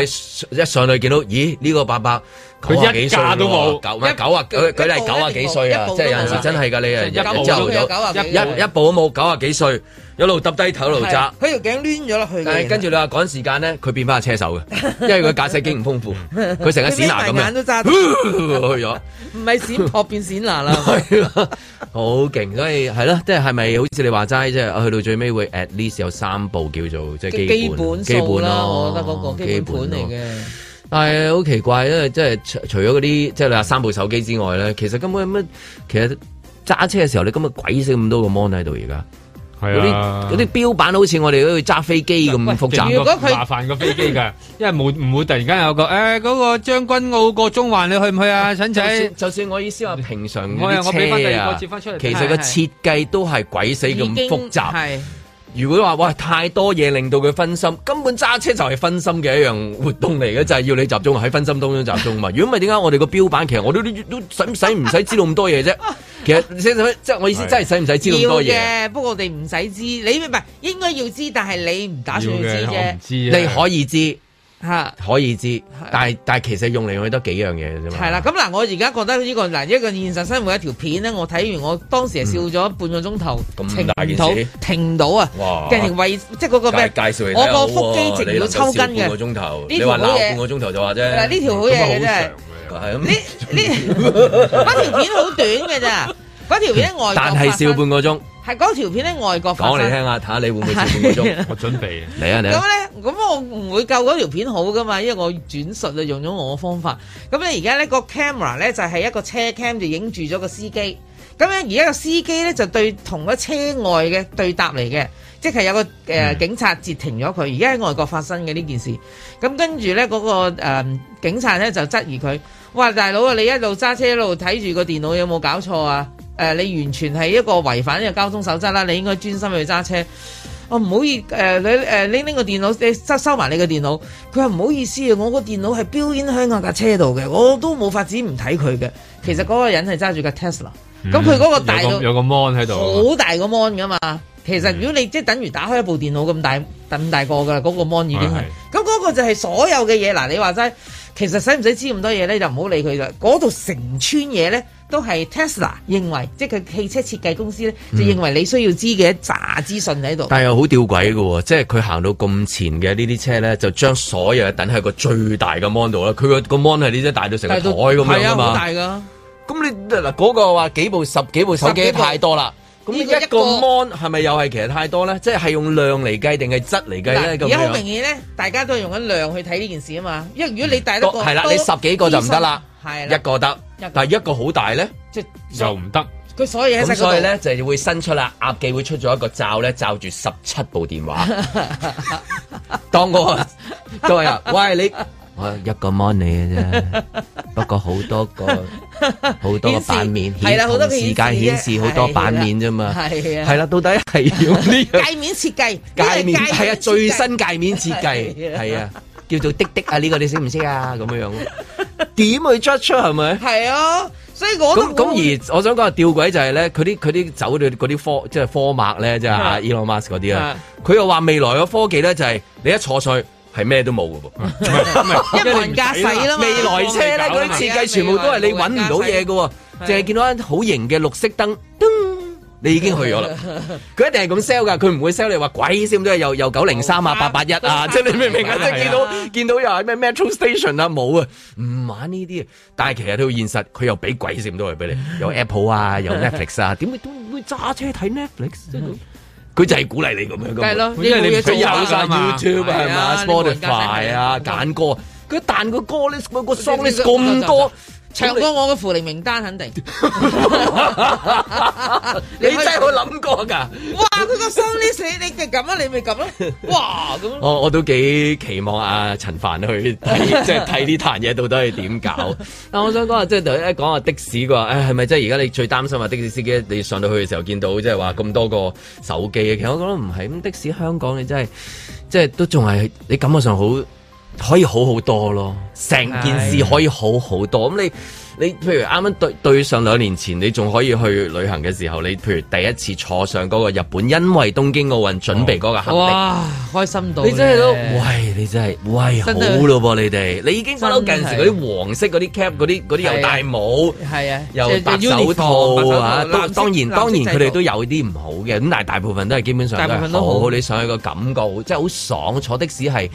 你一上去見到，咦呢、這個伯伯。佢一架歲都冇，九九啊，佢佢係九啊幾歲啊，即係有陣時真係噶你啊，然之後有，有，一一部都冇，九啊幾歲，一路耷低頭，一路揸，佢條頸攣咗落去。但係跟住你話趕時間咧，佢變翻係車手嘅，因為佢駕駛經驗豐富，佢成日閃爛咁樣。咁大眼都扎，去咗。唔係閃破變閃爛啦，係好勁，所以係咯，即係係咪？好似你話齋，即係去到最尾會 at least 有三部叫做即係基本基本咯，我覺得嗰個基本嚟嘅。但係好奇怪，因為即係除除咗嗰啲即係你話三部手機之外咧，其實根本乜，其實揸車嘅時候，你根本鬼死咁多個 mon 喺度而家，嗰啲嗰啲標板，好似我哋都要揸飛機咁複雜，如果佢麻煩個飛機噶， 因為冇唔會，會突然間有個誒嗰、欸嗰個將軍澳過中環，你去唔去啊，陳 仔？就算我意思話平常嘅，我我俾翻第二個接翻出嚟，其實個設計都係鬼死咁複雜。如果話哇太多嘢令到佢分心，根本揸車就係分心嘅一樣活動嚟嘅，就係要你集中喺分心當中集中嘛。如果唔係，點解我哋個標板其實我都都都使使唔使知道咁多嘢啫？其實即係我意思， 真係使唔使知道咁多嘢？要嘅，不過我哋唔使知，你唔係應該要知，但係你唔打算要知啫。要嘅，我唔知。你可以知。吓，可以知，但係但係其實用嚟用去都幾樣嘢啫係啦，咁嗱，我而家覺得呢、呢個嗱一個現實生活的一條片咧，我睇完我當時係笑咗半個鐘頭。咁、嗯，大到，停到啊！哇，竟然為即係嗰個咩？我個腹肌仲要抽筋嘅。你你話半個鐘頭就話啫。嗱，呢條好嘢嘅真係。咁，呢呢嗰條片好短嘅啫，嗰條片外。但係笑半個鐘。 係嗰條片咧，外國講嚟聽下，睇下你會唔會做半個鐘？ 我準備嚟 啊嚟。咁咧、啊，咁我唔會夠嗰條片好噶嘛，因為我轉述啊，用咗我方法。咁咧而家咧個 camera 咧就係、是、一個車 cam 就影住咗個司機。咁你而家個司機咧就對同一個車外嘅對答嚟嘅，即係有個誒、嗯、警察截停咗佢。而家喺外國發生嘅呢件事，咁跟住咧嗰個誒、嗯、警察咧就質疑佢：哇，大佬啊，你一路揸車一路睇住個電腦，有冇搞錯啊？誒、呃，你完全係一個違反呢個交通守則啦！你應該專心去揸車。我、啊、唔好意誒、呃，你誒拎拎個電腦，你收收埋你個電腦。佢話唔好意思啊，我個電腦係 built-in 喺我架車度嘅，我都冇法子唔睇佢嘅。其實嗰個人係揸住架 Tesla，咁佢嗰個大有個 mon 喺度，好大個 mon 噶嘛。其實如果你、嗯、即係等於打開一部電腦咁大、咁、那、大個噶、嗯、啦，嗰個 mon 已經係。咁嗰個就係所有嘅嘢。嗱，你話齋，其實使唔使知咁多嘢咧？就唔好理佢啦。嗰度成村嘢咧。都係 Tesla 認為，即係佢汽車設計公司咧、嗯，就認為你需要知嘅一紮資訊喺度。但係好吊詭㗎喎，即係佢行到咁前嘅呢啲車咧，就將所有等喺個最大嘅 mon 度啦。佢個個 mon 係呢啲大到成台咁樣嘛。係啊，好大㗎。咁你嗱嗰個話幾部十幾部手機太多啦。咁一個 mon 係咪又係其實太多咧？即係用量嚟計定係質嚟計咧？咁有好明顯咧，大家都係用緊量去睇呢件事啊嘛。因為如果你大得過，係、嗯、啦，對你十幾個就唔得啦，一個得，但一個好大咧，即又唔得。佢所以咁，所以咧就會伸出啦，鴨記會出咗一個罩咧，罩住十七部電話， 當我今日喂你。我一個 money 嘅啫， 不過好多個，好 多個版面， 時間顯示好多版面啫嘛，係啦，到底係呢、這個？ 界面設計，是界面係啊，最新界面設計，係啊，是是 叫做滴滴啊，呢、這個你識唔識啊？咁樣樣，點 去出出係咪？係啊，所以我都咁咁而我想講啊，吊詭就係、是、咧，佢啲佢啲走到嗰啲科，即係科脈咧，即係啊，Elon Musk 嗰啲啊佢又話未來嘅科技咧就係、是、你一坐碎係咩都冇嘅噃， 一文駕駛咯。 未來車咧，嗰啲設計全部都係你揾唔到嘢嘅，淨係見到一間好型嘅綠色燈，噔，你已經去咗啦。佢 一定係咁 sell 噶，佢唔會 sell 你話鬼線咁多，又又九零三啊，八八一啊，即係、啊啊啊、你明唔明啊？即係見到見到又係咩 metro station 啊，冇啊，唔玩呢啲。啊。但係其實都到現實，佢又俾鬼線咁多嘢俾你， 有 Apple 啊，有 Netflix 啊，點 會都會揸車睇 Netflix？ 佢就係鼓勵你咁樣噶，因為你佢有晒 YouTube 啊，係嘛，Spotify r 啊，揀歌 list，啊，佢、那、彈個歌咧，個 song 咧咁多。啊。長過我嘅福利名單肯定你 你你， 你真係冇諗過噶。哇，佢個心呢死，你嘅咁啊，你咪咁咯。哇，咁我我都幾期望阿、啊、陳凡去睇，即係睇呢壇嘢到底係點搞。 但我想講下，即係頭一講下的士話，誒，係咪即係而家你最擔心話的士司機，你上到去嘅時候見到，即係話咁多個手機。其實我覺得唔係咁，的士香港你真係，即、就、係、是、都仲係你感覺上好。可以好好多咯，成件事可以好好多。咁你你譬如啱啱對對上兩年前，你仲可以去旅行嘅時候，你譬如第一次坐上嗰個日本，因為東京奧運準備嗰個合、哦，哇，開心到！你真係都，喂，你真係喂，好咯噃、啊、你哋，你已經收近時嗰啲黃色嗰啲 cap，嗰啲嗰啲又戴帽，係啊，又戴手套啊。當然當然佢哋都有啲唔好嘅，咁但係大部分都係基本上都好好。你上去個感覺，即係好爽、嗯，坐的士係。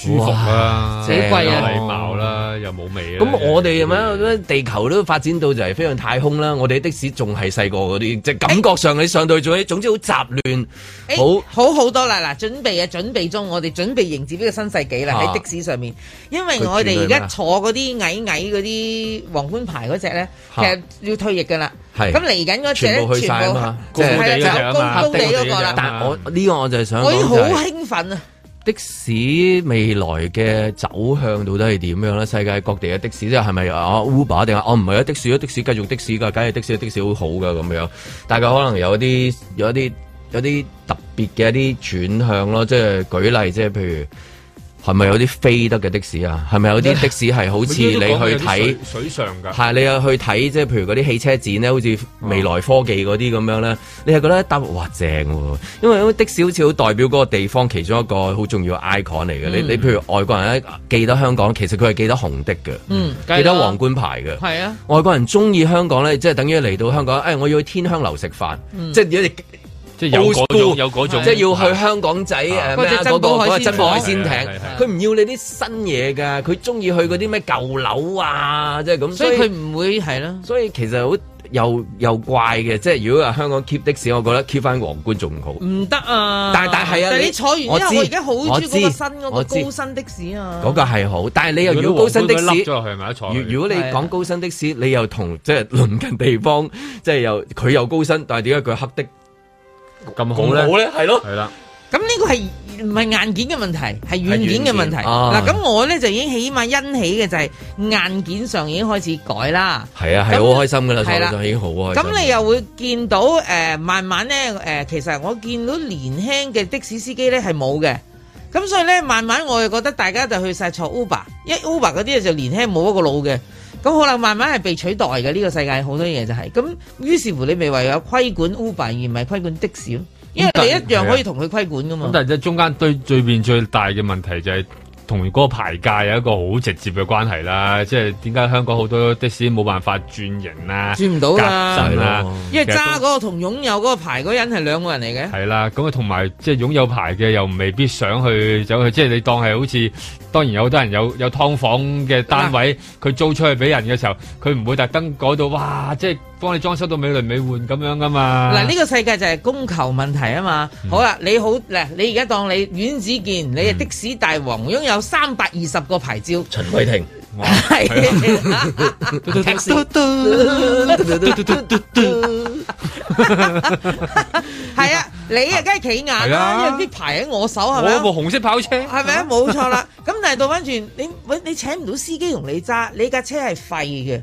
舒服啊，死貴啊！禮貌啦，又冇味。咁我哋咁樣，地球都發展到就係飛向太空啦。我哋的、的士仲係細個嗰啲，即係感覺上你上到去，欸，總之好雜亂，欸。好好好多啦，嗱，準備啊，準備中，我哋準備迎接呢個新世紀啦，喺，啊，的士上面。因為我哋而家坐嗰啲矮矮嗰啲皇冠牌嗰隻咧，其實要退役噶啦。係咁嚟緊嗰隻咧，全部去晒嘛，高高地，就係，高高地嗰，嗰個啦。但我呢，這個我就係想我已經，好興奮啊！的士未來嘅走向到底係點樣咧？世界各地嘅的、的士即係係咪啊 Uber 定係？我唔係啊的士，啊的士繼續的士㗎，梗係的士的士，好好㗎咁樣。大家可能有啲有啲有啲特別嘅一啲轉向咯，即係舉例，即係譬如。係咪有啲飛得嘅的，的士啊？係咪有啲的士係好似你去睇水，水上噶？係你又去睇即係譬如嗰啲汽車展咧，好似未來科技嗰啲咁樣咧，哦，你係覺得得哇正喎，啊？因為的士好似好代表嗰個地方其中一個好重要嘅 icon 嚟嘅，嗯。你你譬如外國人咧記得香港，其實佢係記得紅的嘅，嗯，記得皇冠牌嘅，係啊，外國人中意香港咧，即係等於嚟到香港，誒，哎，我要去天香樓食飯，嗯，即係即係有嗰種，有種即係要去香港仔誒咩嗰個海鮮艇，佢唔要你啲新嘢㗎，佢中意去嗰啲咩舊樓啊，即係咁。所以佢唔會係咯。所以其實好又又怪嘅，即係如果話香港 Keep 的士，我覺得 Keep 翻皇冠仲好。唔得啊！但係但係啊！你，你坐完之後我，我而家好中意嗰個新嗰個高新的士啊！嗰、嗰個係好，但係你又如果高新的士，如果你講高新的士，你又同即係鄰近地方，即係又佢又高薪，但係點解佢黑的？咁好咧，係咯，係啦。咁呢個係唔係硬件嘅問題，係軟件嘅問題。嗱，咁我咧就已經起碼欣喜嘅就係硬件上已經開始改啦。係啊，係好開心噶啦，坐上已經好開心。咁你又會見到誒，慢慢咧誒，其實我見到年輕嘅的士司機咧係冇嘅，咁所以咧慢慢我就覺得大家就去晒坐 Uber，因為 Uber 嗰啲就年輕冇一個老嘅。咁可能慢慢係被取代嘅呢、這個世界好多嘢就係、是、咁，於是乎你咪唯有規管 Uber 而唔係規管的士囉，因為你一樣可以同佢規管噶嘛。咁但係即、啊、中間對最邊最大嘅問題就係同嗰個牌界有一個好直接嘅關係啦，即係點解香港好多的士冇辦法轉型啊？轉唔到噶，啦、啊，啊、因為揸嗰個同擁有嗰個牌嗰人係兩個人嚟嘅。係啦、啊，咁啊同埋即係擁有牌嘅又未必想去走去，即、就、係、是、你當係好似。當然有好多人有有劏房嘅單位，佢租出去俾人嘅時候，佢、啊、唔會特登改到哇，即係幫你裝修到美輪美奐咁樣噶嘛。嗱，呢個世界就係供求問題啊嘛。嗯、好啦、啊，你好，嗱，你而家當你阮子健，你係的士大王，擁、嗯、有三百二十個牌照，陳偉霆係，係 是啊。 Taxi . 你啊，梗係企硬啦、啊，啲、啊、牌喺我手下，我我有部紅色跑車，係咪啊？冇錯啦。咁 但係倒翻轉，你喂，你請唔到司機同你揸，你架車係廢嘅，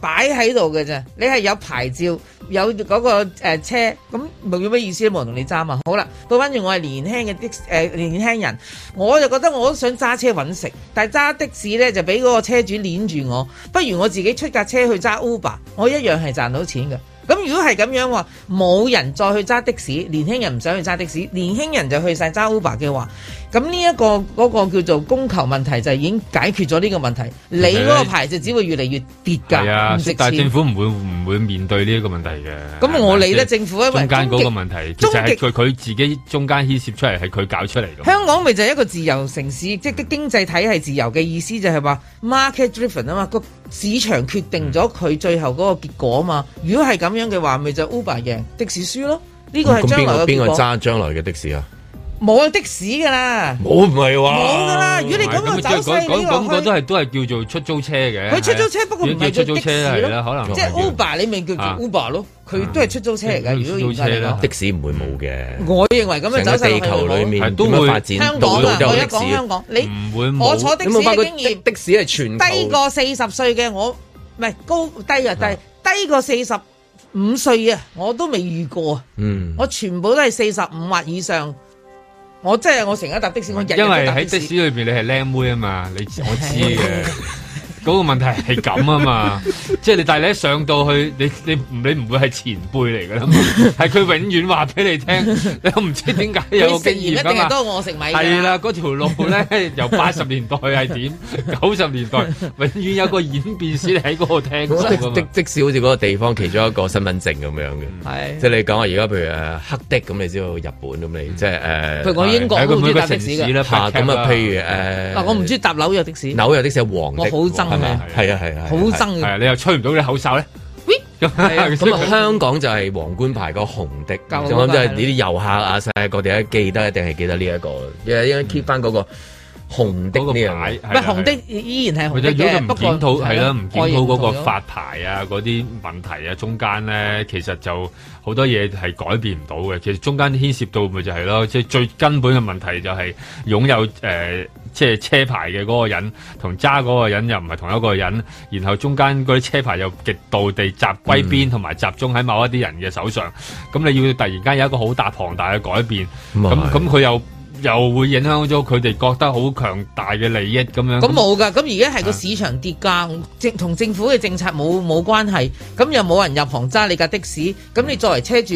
擺喺度嘅啫。你係有牌照，有嗰、嗰個誒、呃、車，咁冇咩意思都冇人同你揸嘛？好啦，倒翻轉，我係年輕嘅的誒年輕人，我就覺得我都想揸車揾食，但係揸的士咧就俾嗰個車主攆住我，不如我自己出架車去揸 Uber，我一樣係賺到錢嘅。咁如果係咁樣喎，冇人再去揸的士，年輕人唔想去揸的士，年輕人就去晒揸 Uber 嘅話，咁呢一個嗰個叫做供求問題就已經解決咗呢個問題。你嗰個牌就只會越嚟越跌㗎。係啊，但係政府唔會唔會面對呢一個問題嘅。咁我理呢政府啊，中間嗰個問題，其實係佢自己中間牽涉出嚟，係佢搞出嚟嘅。香港咪就係一個自由城市，即係經濟體系自由嘅意思就係話 market driven 啊嘛。市場決定咗佢最後嗰個結果嘛？如果係咁樣嘅話，咪就是、Uber 贏，的士輸咯。呢個係將來嘅結果。邊個邊個揸將來嘅的、的士啊？冇啊！的士噶啦，冇唔係話，冇噶啦。如果你咁樣走勢，咁咁嗰都係都係叫做出租車嘅。佢出租車不過唔係出租車啦，可能即係 Uber，、啊、你咪叫做 Uber 咯。佢、啊、都係出租車嚟噶、嗯。如果出租車出租車如果、這個、的士唔會冇嘅，我認為咁樣走勢地球裏面會都會樣發展香港啊。我坐的士的經驗，的，的士係全低過四十歲嘅，我唔係高低，低啊低、就是、低過四十五歲啊，我都未遇過。嗯，我全部都係四十五或以上。我真係我成日搭的士，我因為喺的士裏面，你係靚妹啊嘛，你我知嘅。 嗰、那個問題係咁啊嘛，即 係你，但係你一上到去，你你你唔會係前輩嚟嘅啦，係 佢永遠話俾你聽， 你都唔知點解有個經驗㗎嘛。一定是多我食米的。係啦，嗰條路咧由八十年代係點，九十年代永遠有個演變史喺嗰度聽即係的士好似嗰個地方其中一個身份證咁樣嘅，即 係你講話而家譬如黑的咁，你知道日本咁你 即係譬如我英國、啊、都唔會搭的士㗎。咁啊譬如嗱、啊啊、我唔中意搭紐約的士，紐約的士係黃係啊係啊，好憎啊，啊，啊，啊，啊！你又吹唔到你口哨咧？咁啊， 啊！香港就係皇冠牌個紅的，我諗即係呢啲遊客啊、細細個哋啊，記得一定係記得呢、這、一個，因為 keep 翻嗰個紅的、這個那個、牌。唔、啊啊、紅的依然係紅的嘅、啊，不過係啦，檢討嗰個發牌啊、嗰啲、啊、問題啊，中間咧其實就好多嘢係改變唔到嘅。其實中間牽涉到咪就係咯，即、就、係、是、最根本嘅問題就係擁有誒。呃即係車牌嘅嗰個人同揸嗰個人又唔係同一個人，然後中間嗰啲車牌又極度地集歸邊同埋、嗯、集中喺某一啲人嘅手上，咁你要突然間有一個好大龐大嘅改變，咁咁佢又又會影響咗佢哋覺得好強大嘅利益咁樣。咁冇㗎，咁而家係個市場跌價，同、啊、政府嘅政策冇冇關係，咁又冇人入行揸你架的，的士，咁你作為車主。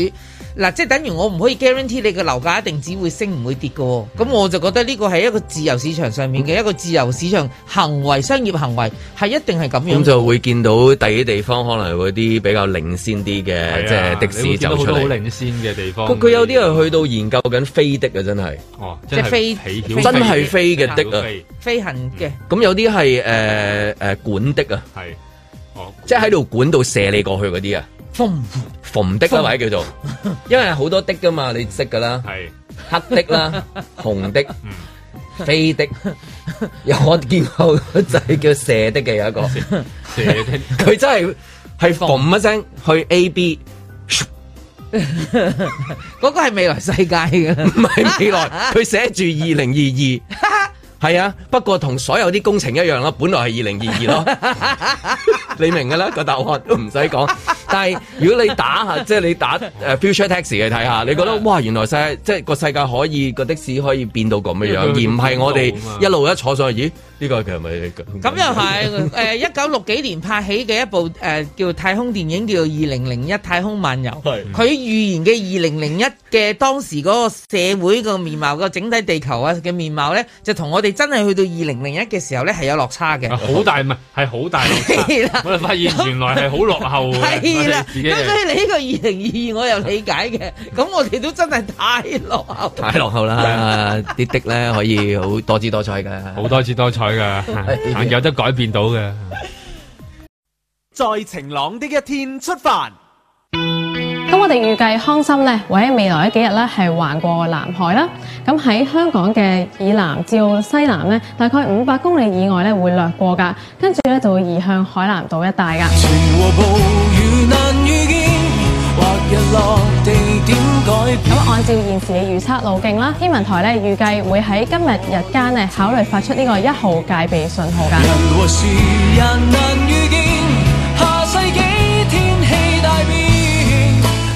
嗱，即係等於我唔可以 guarantee 你嘅樓價一定只會升唔會跌喎。咁我就覺得呢個係一個自由市場上面嘅、嗯、一個自由市場行為商業行為係一定係咁樣。咁就會見到第啲地方可能嗰啲比較領先啲嘅、啊，即係的士走出嚟。你會見到好多好領先嘅地方。佢有啲係去到研究緊飛的啊，真係。哦，即係飛，真係飛嘅的啊，飛行嘅。咁、嗯、有啲係誒管的啊，哦，即係喺度管到射你過去嗰啲啊。豐富紅的啦，或者叫做，因為好多的㗎嘛，你識㗎啦，係黑的啦、 紅的、嗯，飛的，有我見過、嗯、 就係叫射的嘅有一個射的，佢 真係係嘣一聲去 A B，嗰個係未來世界嘅，唔係未來，佢寫住二零二二。 係啊，不過同所有啲工程一樣咯，本來係二零二二咯， 你明噶啦。個答案都唔使講。但係如果你打下，即係你打誒 future taxi 去睇下，你覺得哇，原來世即係個世界可以個的士可以變到咁嘅樣，而唔係我哋一路一坐上去，咦？呢、這個其實咪咁又係誒一九六幾年拍起嘅一部誒、呃、叫太空電影，叫做《二零零一太空漫遊》。佢預言嘅二零零一嘅當時嗰個社會個面貌， 個整體地球啊嘅面貌咧，就同我哋真係去到二零零一嘅時候咧係有落差嘅，好大唔係係好大落差。我哋發現原來係好落後係啦，所 以你呢個二零二二我又理解嘅。咁 我哋都真係太落後，太落後啦！啲 的咧可以好多姿多彩嘅，好 多姿多彩。有得改變到嘅，再晴朗的一天出發。咁我哋預計康森呢，喺未來呢幾日呢係橫過南海啦。咁喺香港嘅以南至到西南呢，大概五百公里以外呢會掠過噶，跟住呢就會移向海南島一帶噶。咁按照現時嘅預測路徑啦，天文台咧預計會喺今日日間咧考慮發出呢個一號戒備信號嘅。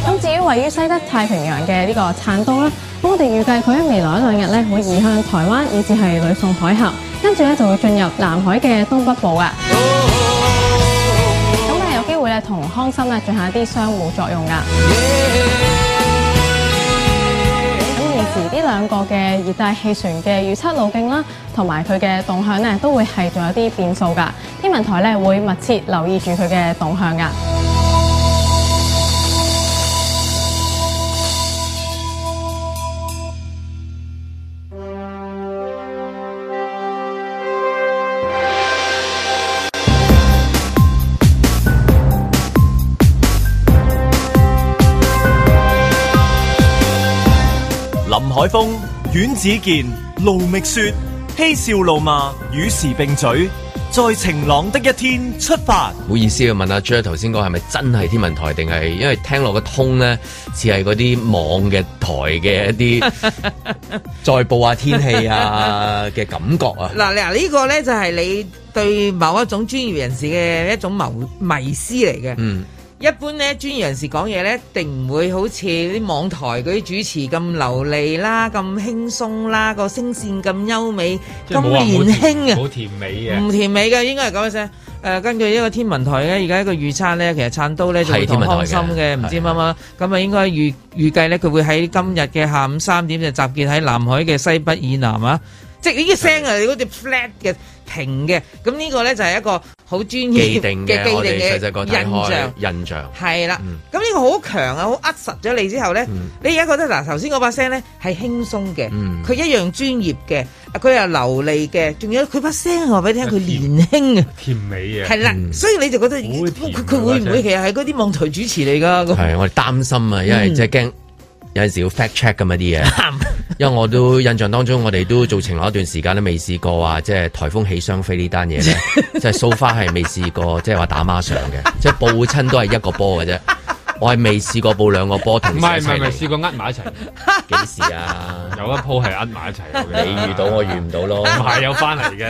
咁至於位於西德太平洋嘅呢個燦都啦，咁我哋預計佢喺未來一兩日呢會移向台灣，以至係呂宋海峽，跟住呢就會進入南海嘅東北部啊。咁、oh、係、oh oh oh oh oh、有機會咧同康森咧進行一啲相互作用嘅。Yeah. 而呢兩個嘅熱帶氣旋嘅預測路徑啦，同埋佢嘅動向咧，都會係仲有啲變數噶。天文台咧會密切留意住佢嘅動向噶。海風、阮子健、盧覓雪、嬉笑怒罵，與時並嘴，在晴朗的一天出發。唔好意思問阿朱，頭先講係咪真係天文台，定係因為聽落個通咧，似係嗰啲網嘅台嘅一啲再報下天氣啊嘅感覺啊。嗱嗱，呢個咧就係你對某一種專業人士嘅一種謀迷思嚟嘅。嗯。一般咧，專業人士講嘢咧，一定唔會好似啲網台嗰啲主持咁流利啦，咁輕鬆啦，個聲線咁優美，咁年輕啊，好甜美啊，唔甜美嘅，應該係講嘅聲。誒、呃，根據一個天文台呢，而家一個預測咧，其實颱刀咧就係偏康心嘅，唔知乜乜咁啊，應該預預計咧佢會喺今日嘅下午三點就集結喺南海嘅西北以南啊，即係呢啲聲啊，你嗰啲 flat 嘅。平嘅，咁呢個咧就係一個好專業嘅既定嘅印象，印象係啦。咁呢、嗯、個好強啊，好扼實咗你之後咧、嗯，你而家覺得嗱，頭先嗰把聲咧係輕鬆嘅，佢、嗯、一樣專業嘅，佢又流利嘅，仲有佢把聲話俾你聽，佢年輕啊，甜美啊，係啦、嗯，所以你就覺得佢佢會唔會其實係嗰啲網台主持嚟㗎？係我哋擔心啊，因為真係驚。嗯有陣時要 fact check 咁一啲嘢，因為我都印象當中，我哋都做成攞一段時間都未試過話，即係颱風起雙飛呢單嘢咧， 即係 so far 係未試過，即係話打孖上嘅，即係報親都係一個波嘅啫，我係未試過報兩個波同埋一齊。唔係未試過報埋一齊幾時啊？有一鋪係報埋一齊、啊、你遇到我遇唔到咯？唔係有翻嚟嘅，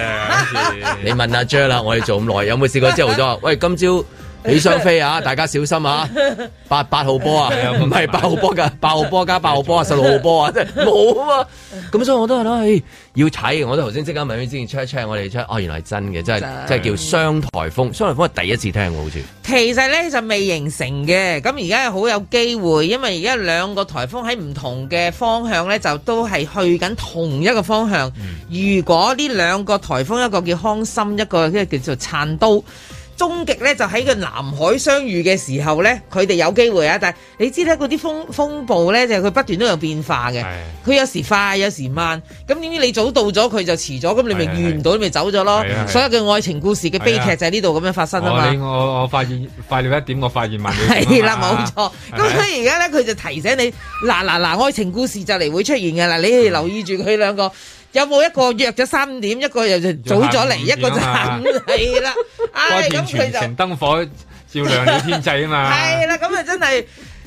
你問阿 Joe 啦，我哋做咁耐有冇試過？之後就話，喂，今朝。起雙飛啊！大家小心啊！八八號波啊，唔係八號波噶，八號波加八號波啊，十六號波啊，真係冇啊！咁所以我都係咯、哎，要睇。我都頭先即刻問完之前 check check，我哋 check 哦，原來係真嘅，真係真係叫雙台風。雙台風係第一次聽好似。其實咧就未形成嘅，咁而家係好有機會，因為而家兩個台風喺唔同嘅方向咧，就都係去緊同一個方向。嗯、如果呢兩個台風一個，一個叫康森，一個即係叫做燦都，終極咧就喺個南海相遇嘅時候咧，佢哋有機會啊！但係你知咧，嗰啲風風暴咧就佢、是、不斷都有變化嘅，佢有時快有時慢。咁、嗯、點知你早到咗佢就遲咗，咁你咪遇唔到你咪走咗咯？是的是的是的，所有嘅愛情故事嘅悲劇就喺呢度咁樣發生啊嘛！我我，我發現快了一點，我發現慢咗。係啦，冇錯。咁所以而家咧，佢就提醒你，嗱嗱嗱，愛情故事就嚟會出現噶啦！你留意住佢兩個。有冇一個約咗三點，一個又早咗嚟，一個就下午嚟 啦。哎，咁佢 就成燈火照亮啲天際啊嘛。係 啦，咁啊真係。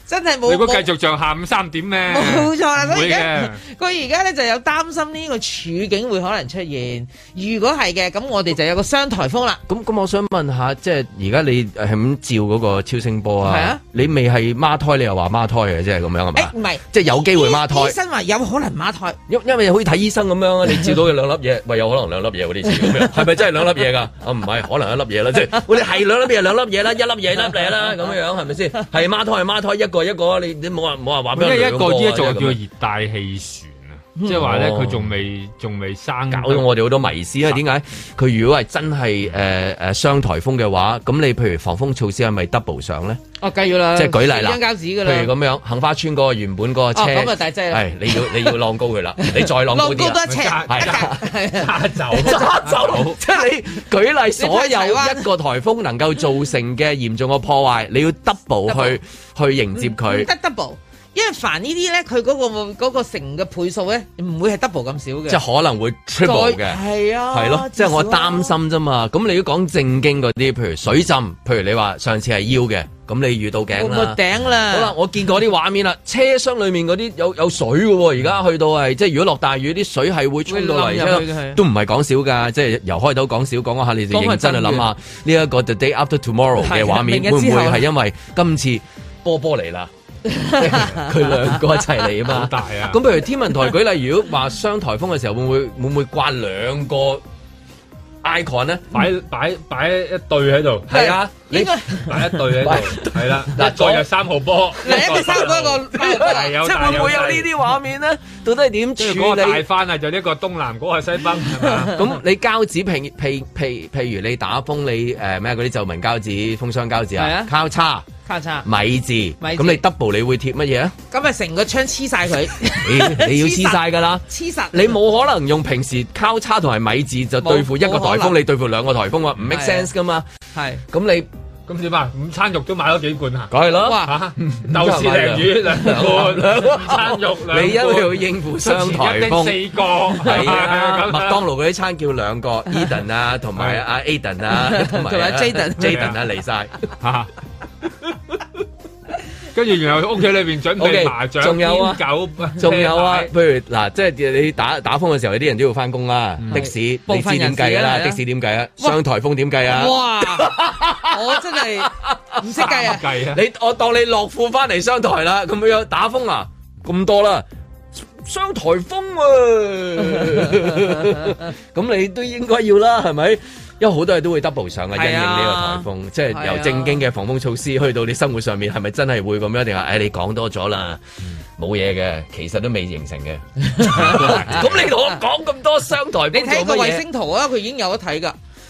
真係冇，如果繼續像下午三點咧，冇錯啦。佢而家佢而家咧就有擔心呢個處境會可能出現。如果係嘅，咁我哋就有個雙颱風啦。咁咁，我想問下，即係而家你係咁照嗰個超聲波啊？係啊，你未係孖胎，你又話孖胎嘅，就是欸，即係咁樣係咪？唔係，即係有機會孖胎。醫，醫生話有可能孖胎，因為因為可以睇醫生咁樣，你照到兩粒嘢， 喂，有可能兩粒嘢嗰啲事係咪真係兩粒嘢㗎？唔 係，啊，可能一粒嘢啦，即係我哋係兩粒嘢，兩粒嘢啦，一粒嘢 一粒嘢啦，咁樣樣係咪先？係孖胎係孖胎一個一個，你你冇話冇話話咩？你一個叫做熱帶氣旋。即係話咧，佢仲未仲未生，搞到我哋好多迷思啦。點解佢如果係真係誒誒雙台風嘅話，咁你譬如防風措施係咪 double 上咧？哦、啊，梗要啦，即係舉例啦，譬如咁樣，杏花村嗰個原本嗰個車，咪大劑啦，係你要你要浪高佢啦，你再浪高啲，加走加走，即係你舉例所有一個台風能夠造成嘅嚴重嘅破壞，你要 double 去去迎接佢，double。 一斜 因為凡呢啲咧，佢嗰、嗰個嗰、嗰個成嘅、嗰個、倍數咧，唔會係 double 咁少嘅，即係可能會 triple 嘅，係啊，係咯，啊、即係我擔心啫嘛。咁你要講正經嗰啲，譬如水浸，譬如你話上次係腰嘅，咁你遇到頸啦。頂啦！好啦，我見過啲畫面啦，車廂裏面嗰啲有有水喎。而家去到係即係如果落大雨，啲水係會衝到嚟，都唔係講少噶，即係由開頭講少講下，你就認真去諗下呢一個 the day after tomorrow 嘅畫面會唔會係因為今次波波嚟啦？佢兩 個一齊嚟啊嘛，好大啊！咁譬如天文台舉例，如果話雙颱風嘅時候會會，會唔會會唔會掛兩個 icon 呢？擺擺擺一對喺度，係啊。應該打一隊喺度，係啦，嗱再有三號波，嗱一個三嗰個三，即係會唔會有呢啲畫面咧？到底係點處理？大翻啊，就一個東南嗰、嗰個西風，咁你膠紙譬譬譬譬，譬如你打風，你誒咩嗰啲皺紋膠紙、封箱膠紙啊？交叉，啊，交叉，米字，咁你 double 你會貼乜嘢啊？咁咪成個窗黐晒佢，你要黐晒噶啦，黐實，你冇可能用平時交叉同埋米字就對付一個台風，你對付兩個台風啊？唔 make sense 噶嘛？係，咁你。咁點啊？午餐肉都買咗幾罐啊？梗係咯，哇豆豉鯪魚兩罐，午餐肉兩罐。你一定要應付商台風，一拎四個係啊！麥當勞嗰啲餐叫兩個 Eden 啊，同埋阿 Aden 啊，同埋 Jaden Jaden 啊嚟曬嚇。跟住，然後屋企裏邊準備麻雀、okay，有啊、天狗，仲有啊！不 如嗱，即係你打打風嘅時候，有啲人都要翻工啦、嗯。的士，你知點計㗎啦。士的，啊、的士點計啊？雙颱風點計啊？哇！啊、哇 我真係唔識計啊！你我當你落庫翻嚟雙台啦，咁樣打風啊，咁多啦，雙颱風喎、啊，咁 你都應該要啦，係咪？因為好多嘢都會 double 上嘅，因應呢個颱風，是啊、即係由正經嘅防風措施去到你生活上面，係咪、啊、真係會咁樣？定係誒，你講多咗啦，冇嘢嘅，其實都未形成嘅。咁 你同我講咁多商台，你睇個衛星圖啊，佢已經有得睇噶。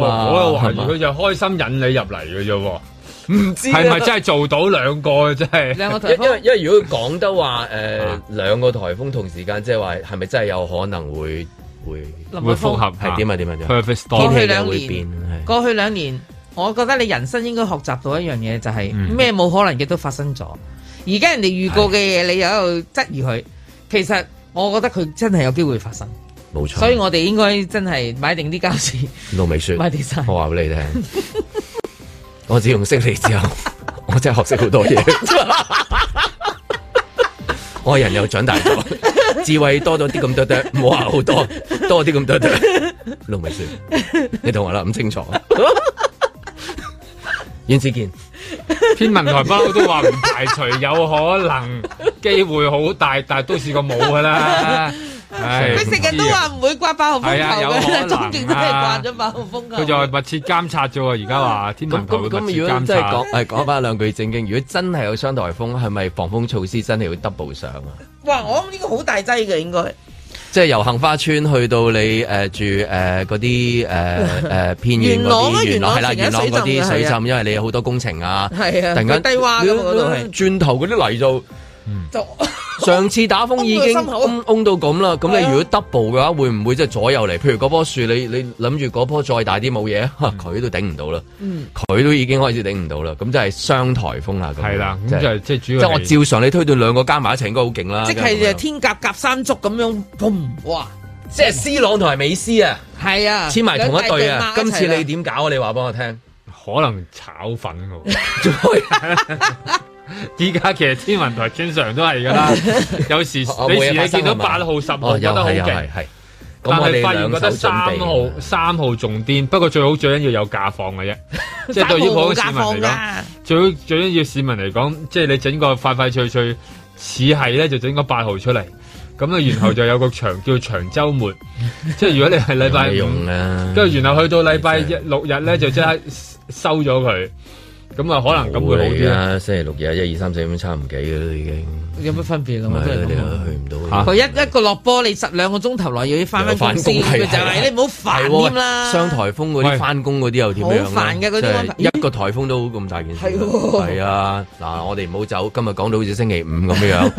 我又懷疑佢就開心引你入嚟嘅啫喎，唔知係咪真係做到兩個？真係， 因為因為如果講得話，誒、呃、 兩個颱風同時間，即係話係咪真係有可能會會會複合？係點啊？點啊？點？天氣兩年會變過去兩年，我覺得你人生應該學習到一樣嘢，就係咩冇可能嘅都發生咗。而、嗯、家人哋遇過嘅嘢，你又喺度質疑佢，其實我覺得佢真係有機會發生。冇錯，所以，我哋應該真係買定啲膠紙，盧美雪，買啲衫。我話俾你聽， 我自從識你之後， 我真係學識好多嘢。 我人又長大咗，智慧多咗啲咁多多，冇話好多多啲咁多多。盧 美雪，你同我諗清楚。尹志健，天 文台包都話唔排除，有可能機會好大，但係都試過冇噶啦。佢成日都話唔會颳八號風球嘅，最近都係颳咗八號風嘅。佢、啊、就係密切監察啫喎，而家話天文台密切監察。係講翻兩句正經，如果真係有雙台風，係咪防風措施真係會 double 上啊？哇！我諗，呢個好大劑嘅，應該即係由杏花村去到你誒、呃、住誒嗰啲誒誒偏遠嗰啲，係 啦，元朗嗰啲水、啊、水浸，因為你有好多工程啊，係啊，突然間地滑咁嗰度轉頭嗰啲泥就、嗯、就。 上次打風已經崩到咁啦，咁你、啊、如果 double 嘅話，會唔會即係左右嚟？譬如嗰棵樹，你你諗住嗰棵再大啲冇嘢，佢、嗯、都頂唔到啦。佢、嗯、都已經開始頂唔到啦。咁即係雙颱風是啊！係啦，咁就即、是、係、就是、主要是。即、就、係、是、我照常你推斷兩個加埋一齊應該好勁啦。即係天夾夾山竹咁樣，砰！哇！即係 C 朗同埋美斯啊！係啊，黐埋同一隊啊！今次你點搞、啊？你話畀我聽，可能炒粉依家其實天文台經常都係噶啦， 有時有時你見到八號、哦哦、號、十號有得好勁，但係發現覺得三號、三號仲癲。不過最好最緊要有假放嘅啫，即係 對於普通市民嚟講、啊，最好最緊要市民嚟講，即、就、係、是、你整個快快脆脆似係咧，就整個八號出嚟，咁啊，然後就有個長 叫做長周末， 即係如果你係禮拜五，用跟住然後去到禮拜六日咧， 就即刻收咗佢。 咁啊，可能咁會好啲啦。星期六日一二三四咁樣差唔幾嘅啦，已經有乜分別啊？唔係你去唔到。佢一一個落波，你十兩個鐘頭內要翻返工先，咪就係你唔好煩添啦。雙颱風嗰啲翻工嗰啲又點樣？好煩嘅嗰啲，一個颱風都咁大件事。係啊，嗱，我哋唔好走。今日講到好似星期五咁樣，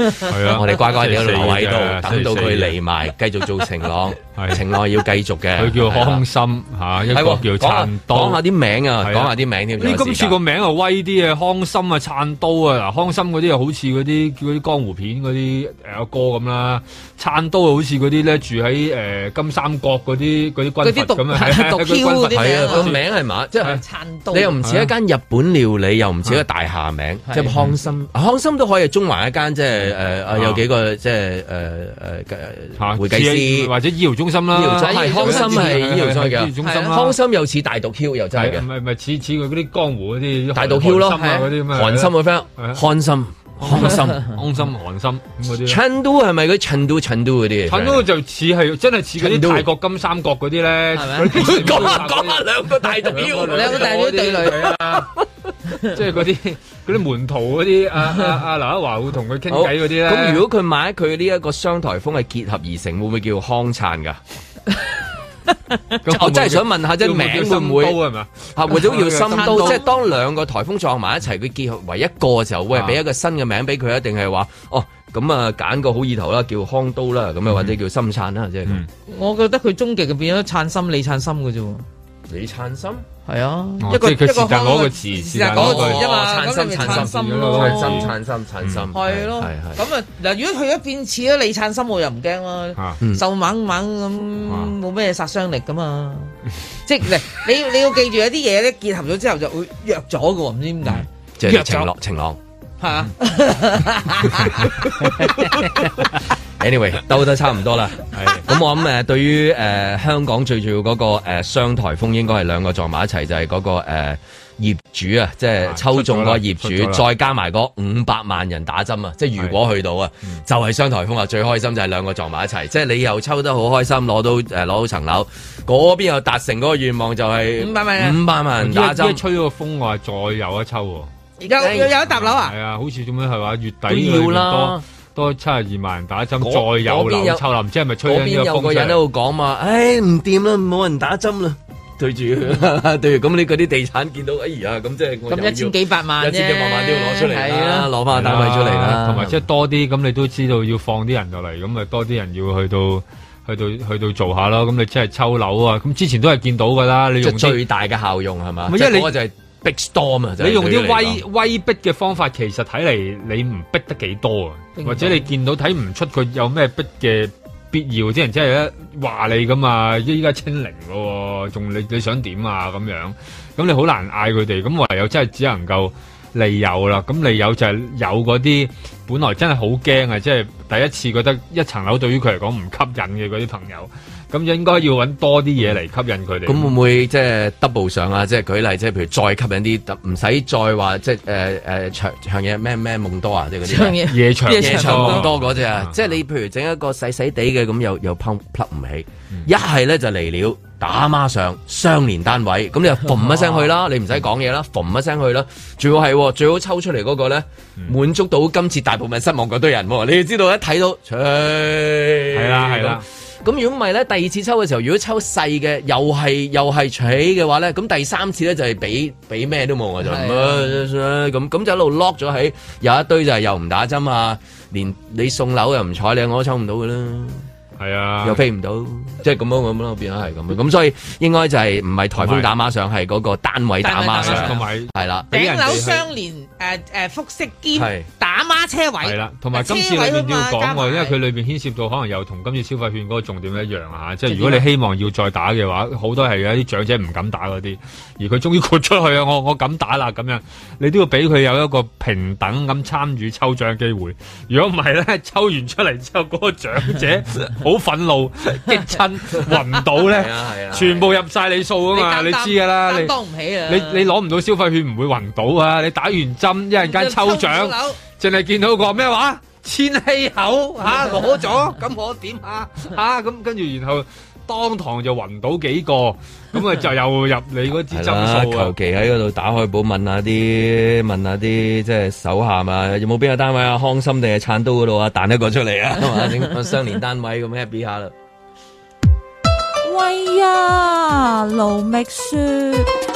我哋乖乖哋留喺度，等到佢嚟埋，繼續做晴朗。晴朗要繼續嘅。佢叫康森嚇，一個叫燦都。講下啲名啊，講下啲名添。你今次個名啊？威啲嘅康森啊，燦刀啊，嗱，康森嗰啲又好似嗰啲嗰啲江湖片嗰啲阿哥咁啦，燦刀啊好似嗰啲咧住喺，誒、呃、金三角嗰啲嗰啲軍，嗰啲毒毒梟，係啊個名係嘛？即係燦刀，你又唔似一間日本料理，又唔似一個大廈名，即係、就是、康森。康森都可以中環一間，即係誒有幾個即係誒誒誒會計師或者醫療中心啦，康森係醫療中心，醫療中心康森又似大毒梟，又真係唔係唔係似似佢啲江湖啲。大毒梟咯，寒心嗰、啊、班、啊，寒心、啊、寒心，安心寒心嗰啲。陳都係咪嗰陳都陳都嗰啲？陳都就似係真係似嗰啲泰國金三角嗰啲咧，係咪？講下講下兩個大毒梟，兩個大地女即係嗰啲啲門徒嗰啲啊啊！劉德華會同佢傾偈嗰啲咧。咁如果佢買佢呢一個雙台風係結合而成，會唔會叫康燦㗎？啊啊啊 我真係想問下，即係名會唔會啊？會唔會叫、叫森都？係咪啊？會唔會 即係當兩個颱風撞埋一齊，佢結合為一個嘅時候，會俾一個新嘅名俾佢，一定係話哦咁啊？揀個好意頭啦，叫康都啦，咁啊或者叫森燦啦，即、嗯、係、嗯。我覺得佢終極就變咗燦森、李燦森㗎啫喎。李燦心，係啊、哦，一個一、那個，其實嗰個字，其實嗰個，慘心心心慘心慘係咁啊，嗱、嗯，如果佢一變似咗李慘心，我又唔驚啦，就、啊嗯、瘦猛猛咁，冇咩殺傷力噶嘛，嗯、即係，你你要記住一啲嘢咧結合咗之後就會弱咗噶喎，唔知點解，就晴朗晴朗，係啊。Anyway，兜得差唔多啦，咁 我諗誒，對於誒、呃、香港最重要嗰、那個誒雙、呃、颱風，應該係兩個撞埋一齊，就係、是、嗰、那個誒業主啊，即係抽中個業主，業主再加埋嗰五百萬人打針啊，即係如果去到啊，就係、是、雙颱風啊、嗯，最開心就係兩個撞埋一齊，即係你又抽得好開心，攞到誒攞到層樓，嗰邊又達成嗰個願望就，就係五百萬五百萬人打針，吹個風啊，再有一抽，而家要有一沓樓啊，係啊，好似咁樣係話月底要更多七十二萬人打針，再有流抽樓，即係咪吹緊啲、這個、風？有個人喺度講嘛？唉、哎，唔掂啦，冇人打針啦。對住，對住，咁你嗰啲地產見到，哎呀，咁即係咁一千幾百萬一千幾百萬,萬都要攞出嚟啊，攞翻個單位出嚟啦，同埋即係多啲，咁你都知道要放啲人入嚟，咁咪多啲人要去到，去到，去到，去到做下咯。咁你即係抽樓啊？咁之前都係見到㗎啦。你用最大嘅效用係嘛？因為、就是就是、你。Big storm 嘛？你用啲威威逼嘅方法，其實睇嚟你唔逼得幾多啊？或者你見到睇唔出佢有咩逼嘅必要？啲人真係話你㗎嘛？依家清零咯，仲你你想點啊？咁樣，咁你好難嗌佢哋。咁唯有真係只能夠利誘啦。咁利誘就係有嗰啲本來真係好驚啊！即係第一次覺得一層樓對於佢嚟講唔吸引嘅嗰啲朋友。咁應該要揾多啲嘢嚟吸引佢哋。咁、嗯、會唔會即係 double 上啊？即係舉例，即係譬如再吸引啲，唔使再話即係誒誒長長夜咩咩夢多啊、就是哦那個嗯？即係嗰啲夜長夜長多嗰隻啊！即係你譬如整一個細細地嘅，咁又又噴唔起，一係咧就嚟了打孖上相連單位。咁你又馴一聲去啦、啊？你唔使講嘢啦，馴、嗯、一聲去啦？最好係最好抽出嚟嗰個咧、嗯，滿足到今次大部分失望嗰堆人。你就知道一睇到，係啦係啦。咁如果唔係咧，第二次抽嘅時候，如果抽細嘅，又係又係取嘅話咧，咁第三次咧就係俾俾咩都冇，我就咁咁、啊啊啊啊、就一路 lock 咗喺有一堆就係又唔打針啊，連你送樓又唔睬你，我都抽唔到噶啦。係啊，又飛唔到，即係咁樣咁樣咯，變咗係咁。咁所以應該就係唔係台風打孖上，係嗰個單位打孖上，係啦，俾、啊啊啊、人相連誒誒複式兼打孖、啊、車位，係啦、啊，同埋今次裏邊都要講喎，因為佢裏邊牽涉到可能又同今次消費券嗰個重點一樣嚇、啊，即係如果你希望要再打嘅話，好多係有啲長者唔敢打嗰啲，而佢終於豁出去啊！我我敢打啦咁樣，你都要俾佢有一個平等咁參與抽獎嘅機會。如果唔係咧，抽完出嚟之後嗰、那個長者 好憤怒，激親暈唔到咧，全部入晒你數啊嘛，你知噶啦，你當唔起啊，你你攞唔到消費券唔會暈到啊，你打完針一陣間抽獎，淨係見到個咩話千禧口吓攞咗，咁我點啊？吓咁跟住然後。當堂就暈倒幾個，咁啊就又入你嗰支針數求其喺嗰度打開寶，問一下啲，問下啲，即係手下嘛，有冇邊個單位啊？康心定係燦刀嗰度啊？彈一個出嚟啊！整 個相連單位咁 樣 happy 下啦。喂呀，盧覓雪。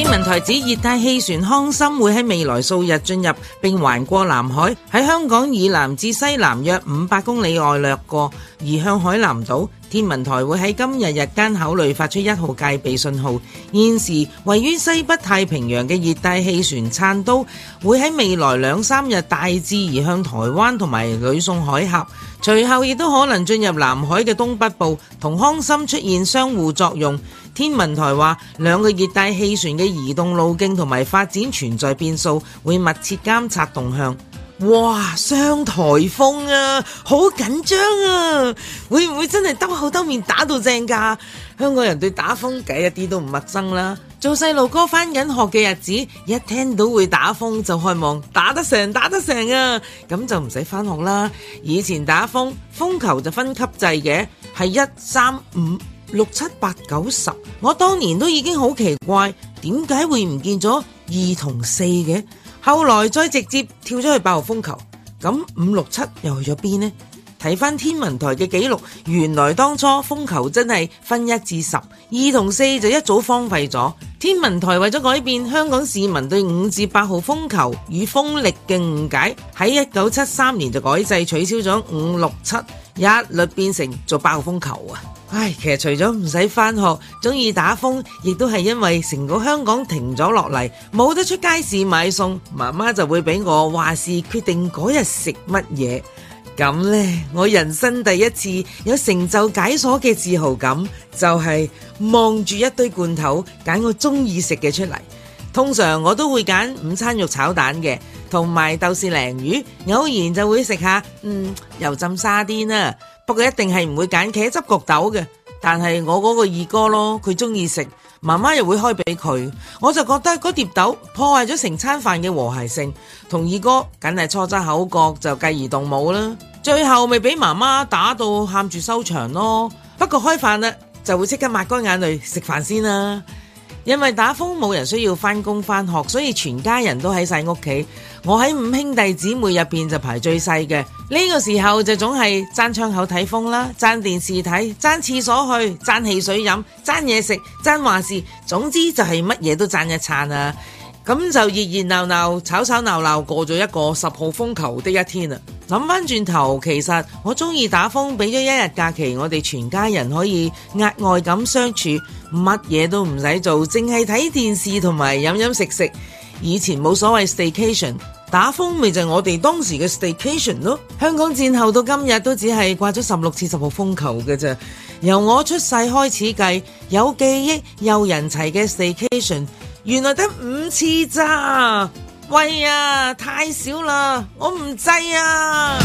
天文台指熱帶氣旋康森會喺未來數日進入並橫過南海，喺香港以南至西南約五百公里外掠過，移向海南島。天文台會喺今日日間考慮發出一號戒備信號。現時位於西北太平洋嘅熱帶氣旋燦都，會喺未來兩三日大致移向台灣同埋呂宋海峽。隨後亦都可能進入南海嘅東北部，同康森出現相互作用。天文台話，兩個熱帶氣旋嘅移動路徑同埋發展存在變數，會密切監察動向。哇，雙台風啊，好緊張啊！會唔會真係兜口兜面打到正噶？香港人對打風計一啲都唔陌生啦。做細路哥返緊學嘅日子，一聽到會打風就渴望，打得成打得成啊！咁就唔使返學啦。以前打風，風球就分級制嘅，係一三五六七八九十。我當年都已經好奇怪，點解會唔見咗二同四嘅？後來再直接跳咗去八號風球，咁五六七又去咗邊呢？睇翻天文台嘅記錄，原來當初風球真係分一至十，二同四就一早荒廢咗。天文台為咗改變香港市民對五至八號風球與風力嘅誤解，喺一九七三年就改制取消咗五六七，一律變成做八號風球啊！唉，其實除咗唔使返學，中意打風，亦都係因為成個香港停咗落嚟，冇得出街市買餸，媽媽就會俾我話事，決定嗰日食乜嘢。咁呢，我人生第一次有成就解鎖嘅自豪感，就係望住一堆罐頭揀我中意食嘅出嚟。通常我都會揀午餐肉炒蛋嘅，同埋豆豉鯪魚，偶然就會食下，嗯，油浸沙甸啊。不過一定係唔會揀茄汁焗豆嘅。但係我嗰個二哥咯，佢中意食，媽媽又會開俾佢，我就覺得嗰碟豆破壞咗成餐飯嘅和諧性，同二哥梗係初則口角，就繼而動武啦。最後咪俾媽媽打到喊住收場咯，不過開飯啦，就會即刻抹乾眼淚食飯先啦。因為打風冇人需要返工返學，所以全家人都喺晒屋企。我喺五兄弟姊妹入邊就排最細嘅，呢個時候就總係爭窗口睇風啦，爭電視睇，爭廁所去，爭汽水飲，爭嘢食，爭話事，總之就係乜嘢都爭一餐啊！咁就熱熱鬧鬧、吵吵鬧鬧過咗一個十號風球的一天啦。諗翻轉頭，其實我中意打風，俾咗一日假期，我哋全家人可以額外咁相處，乜嘢都唔使做，淨係睇電視同埋飲飲食食。以前冇所謂 staycation，打風咪就係我哋當時嘅 staycation 咯。香港戰後到今日都只係掛咗十六次十號風球嘅啫。由我出世開始計，有記憶又人齊嘅 staycation。原來得五次咋？喂呀，太少喇，我唔制啊！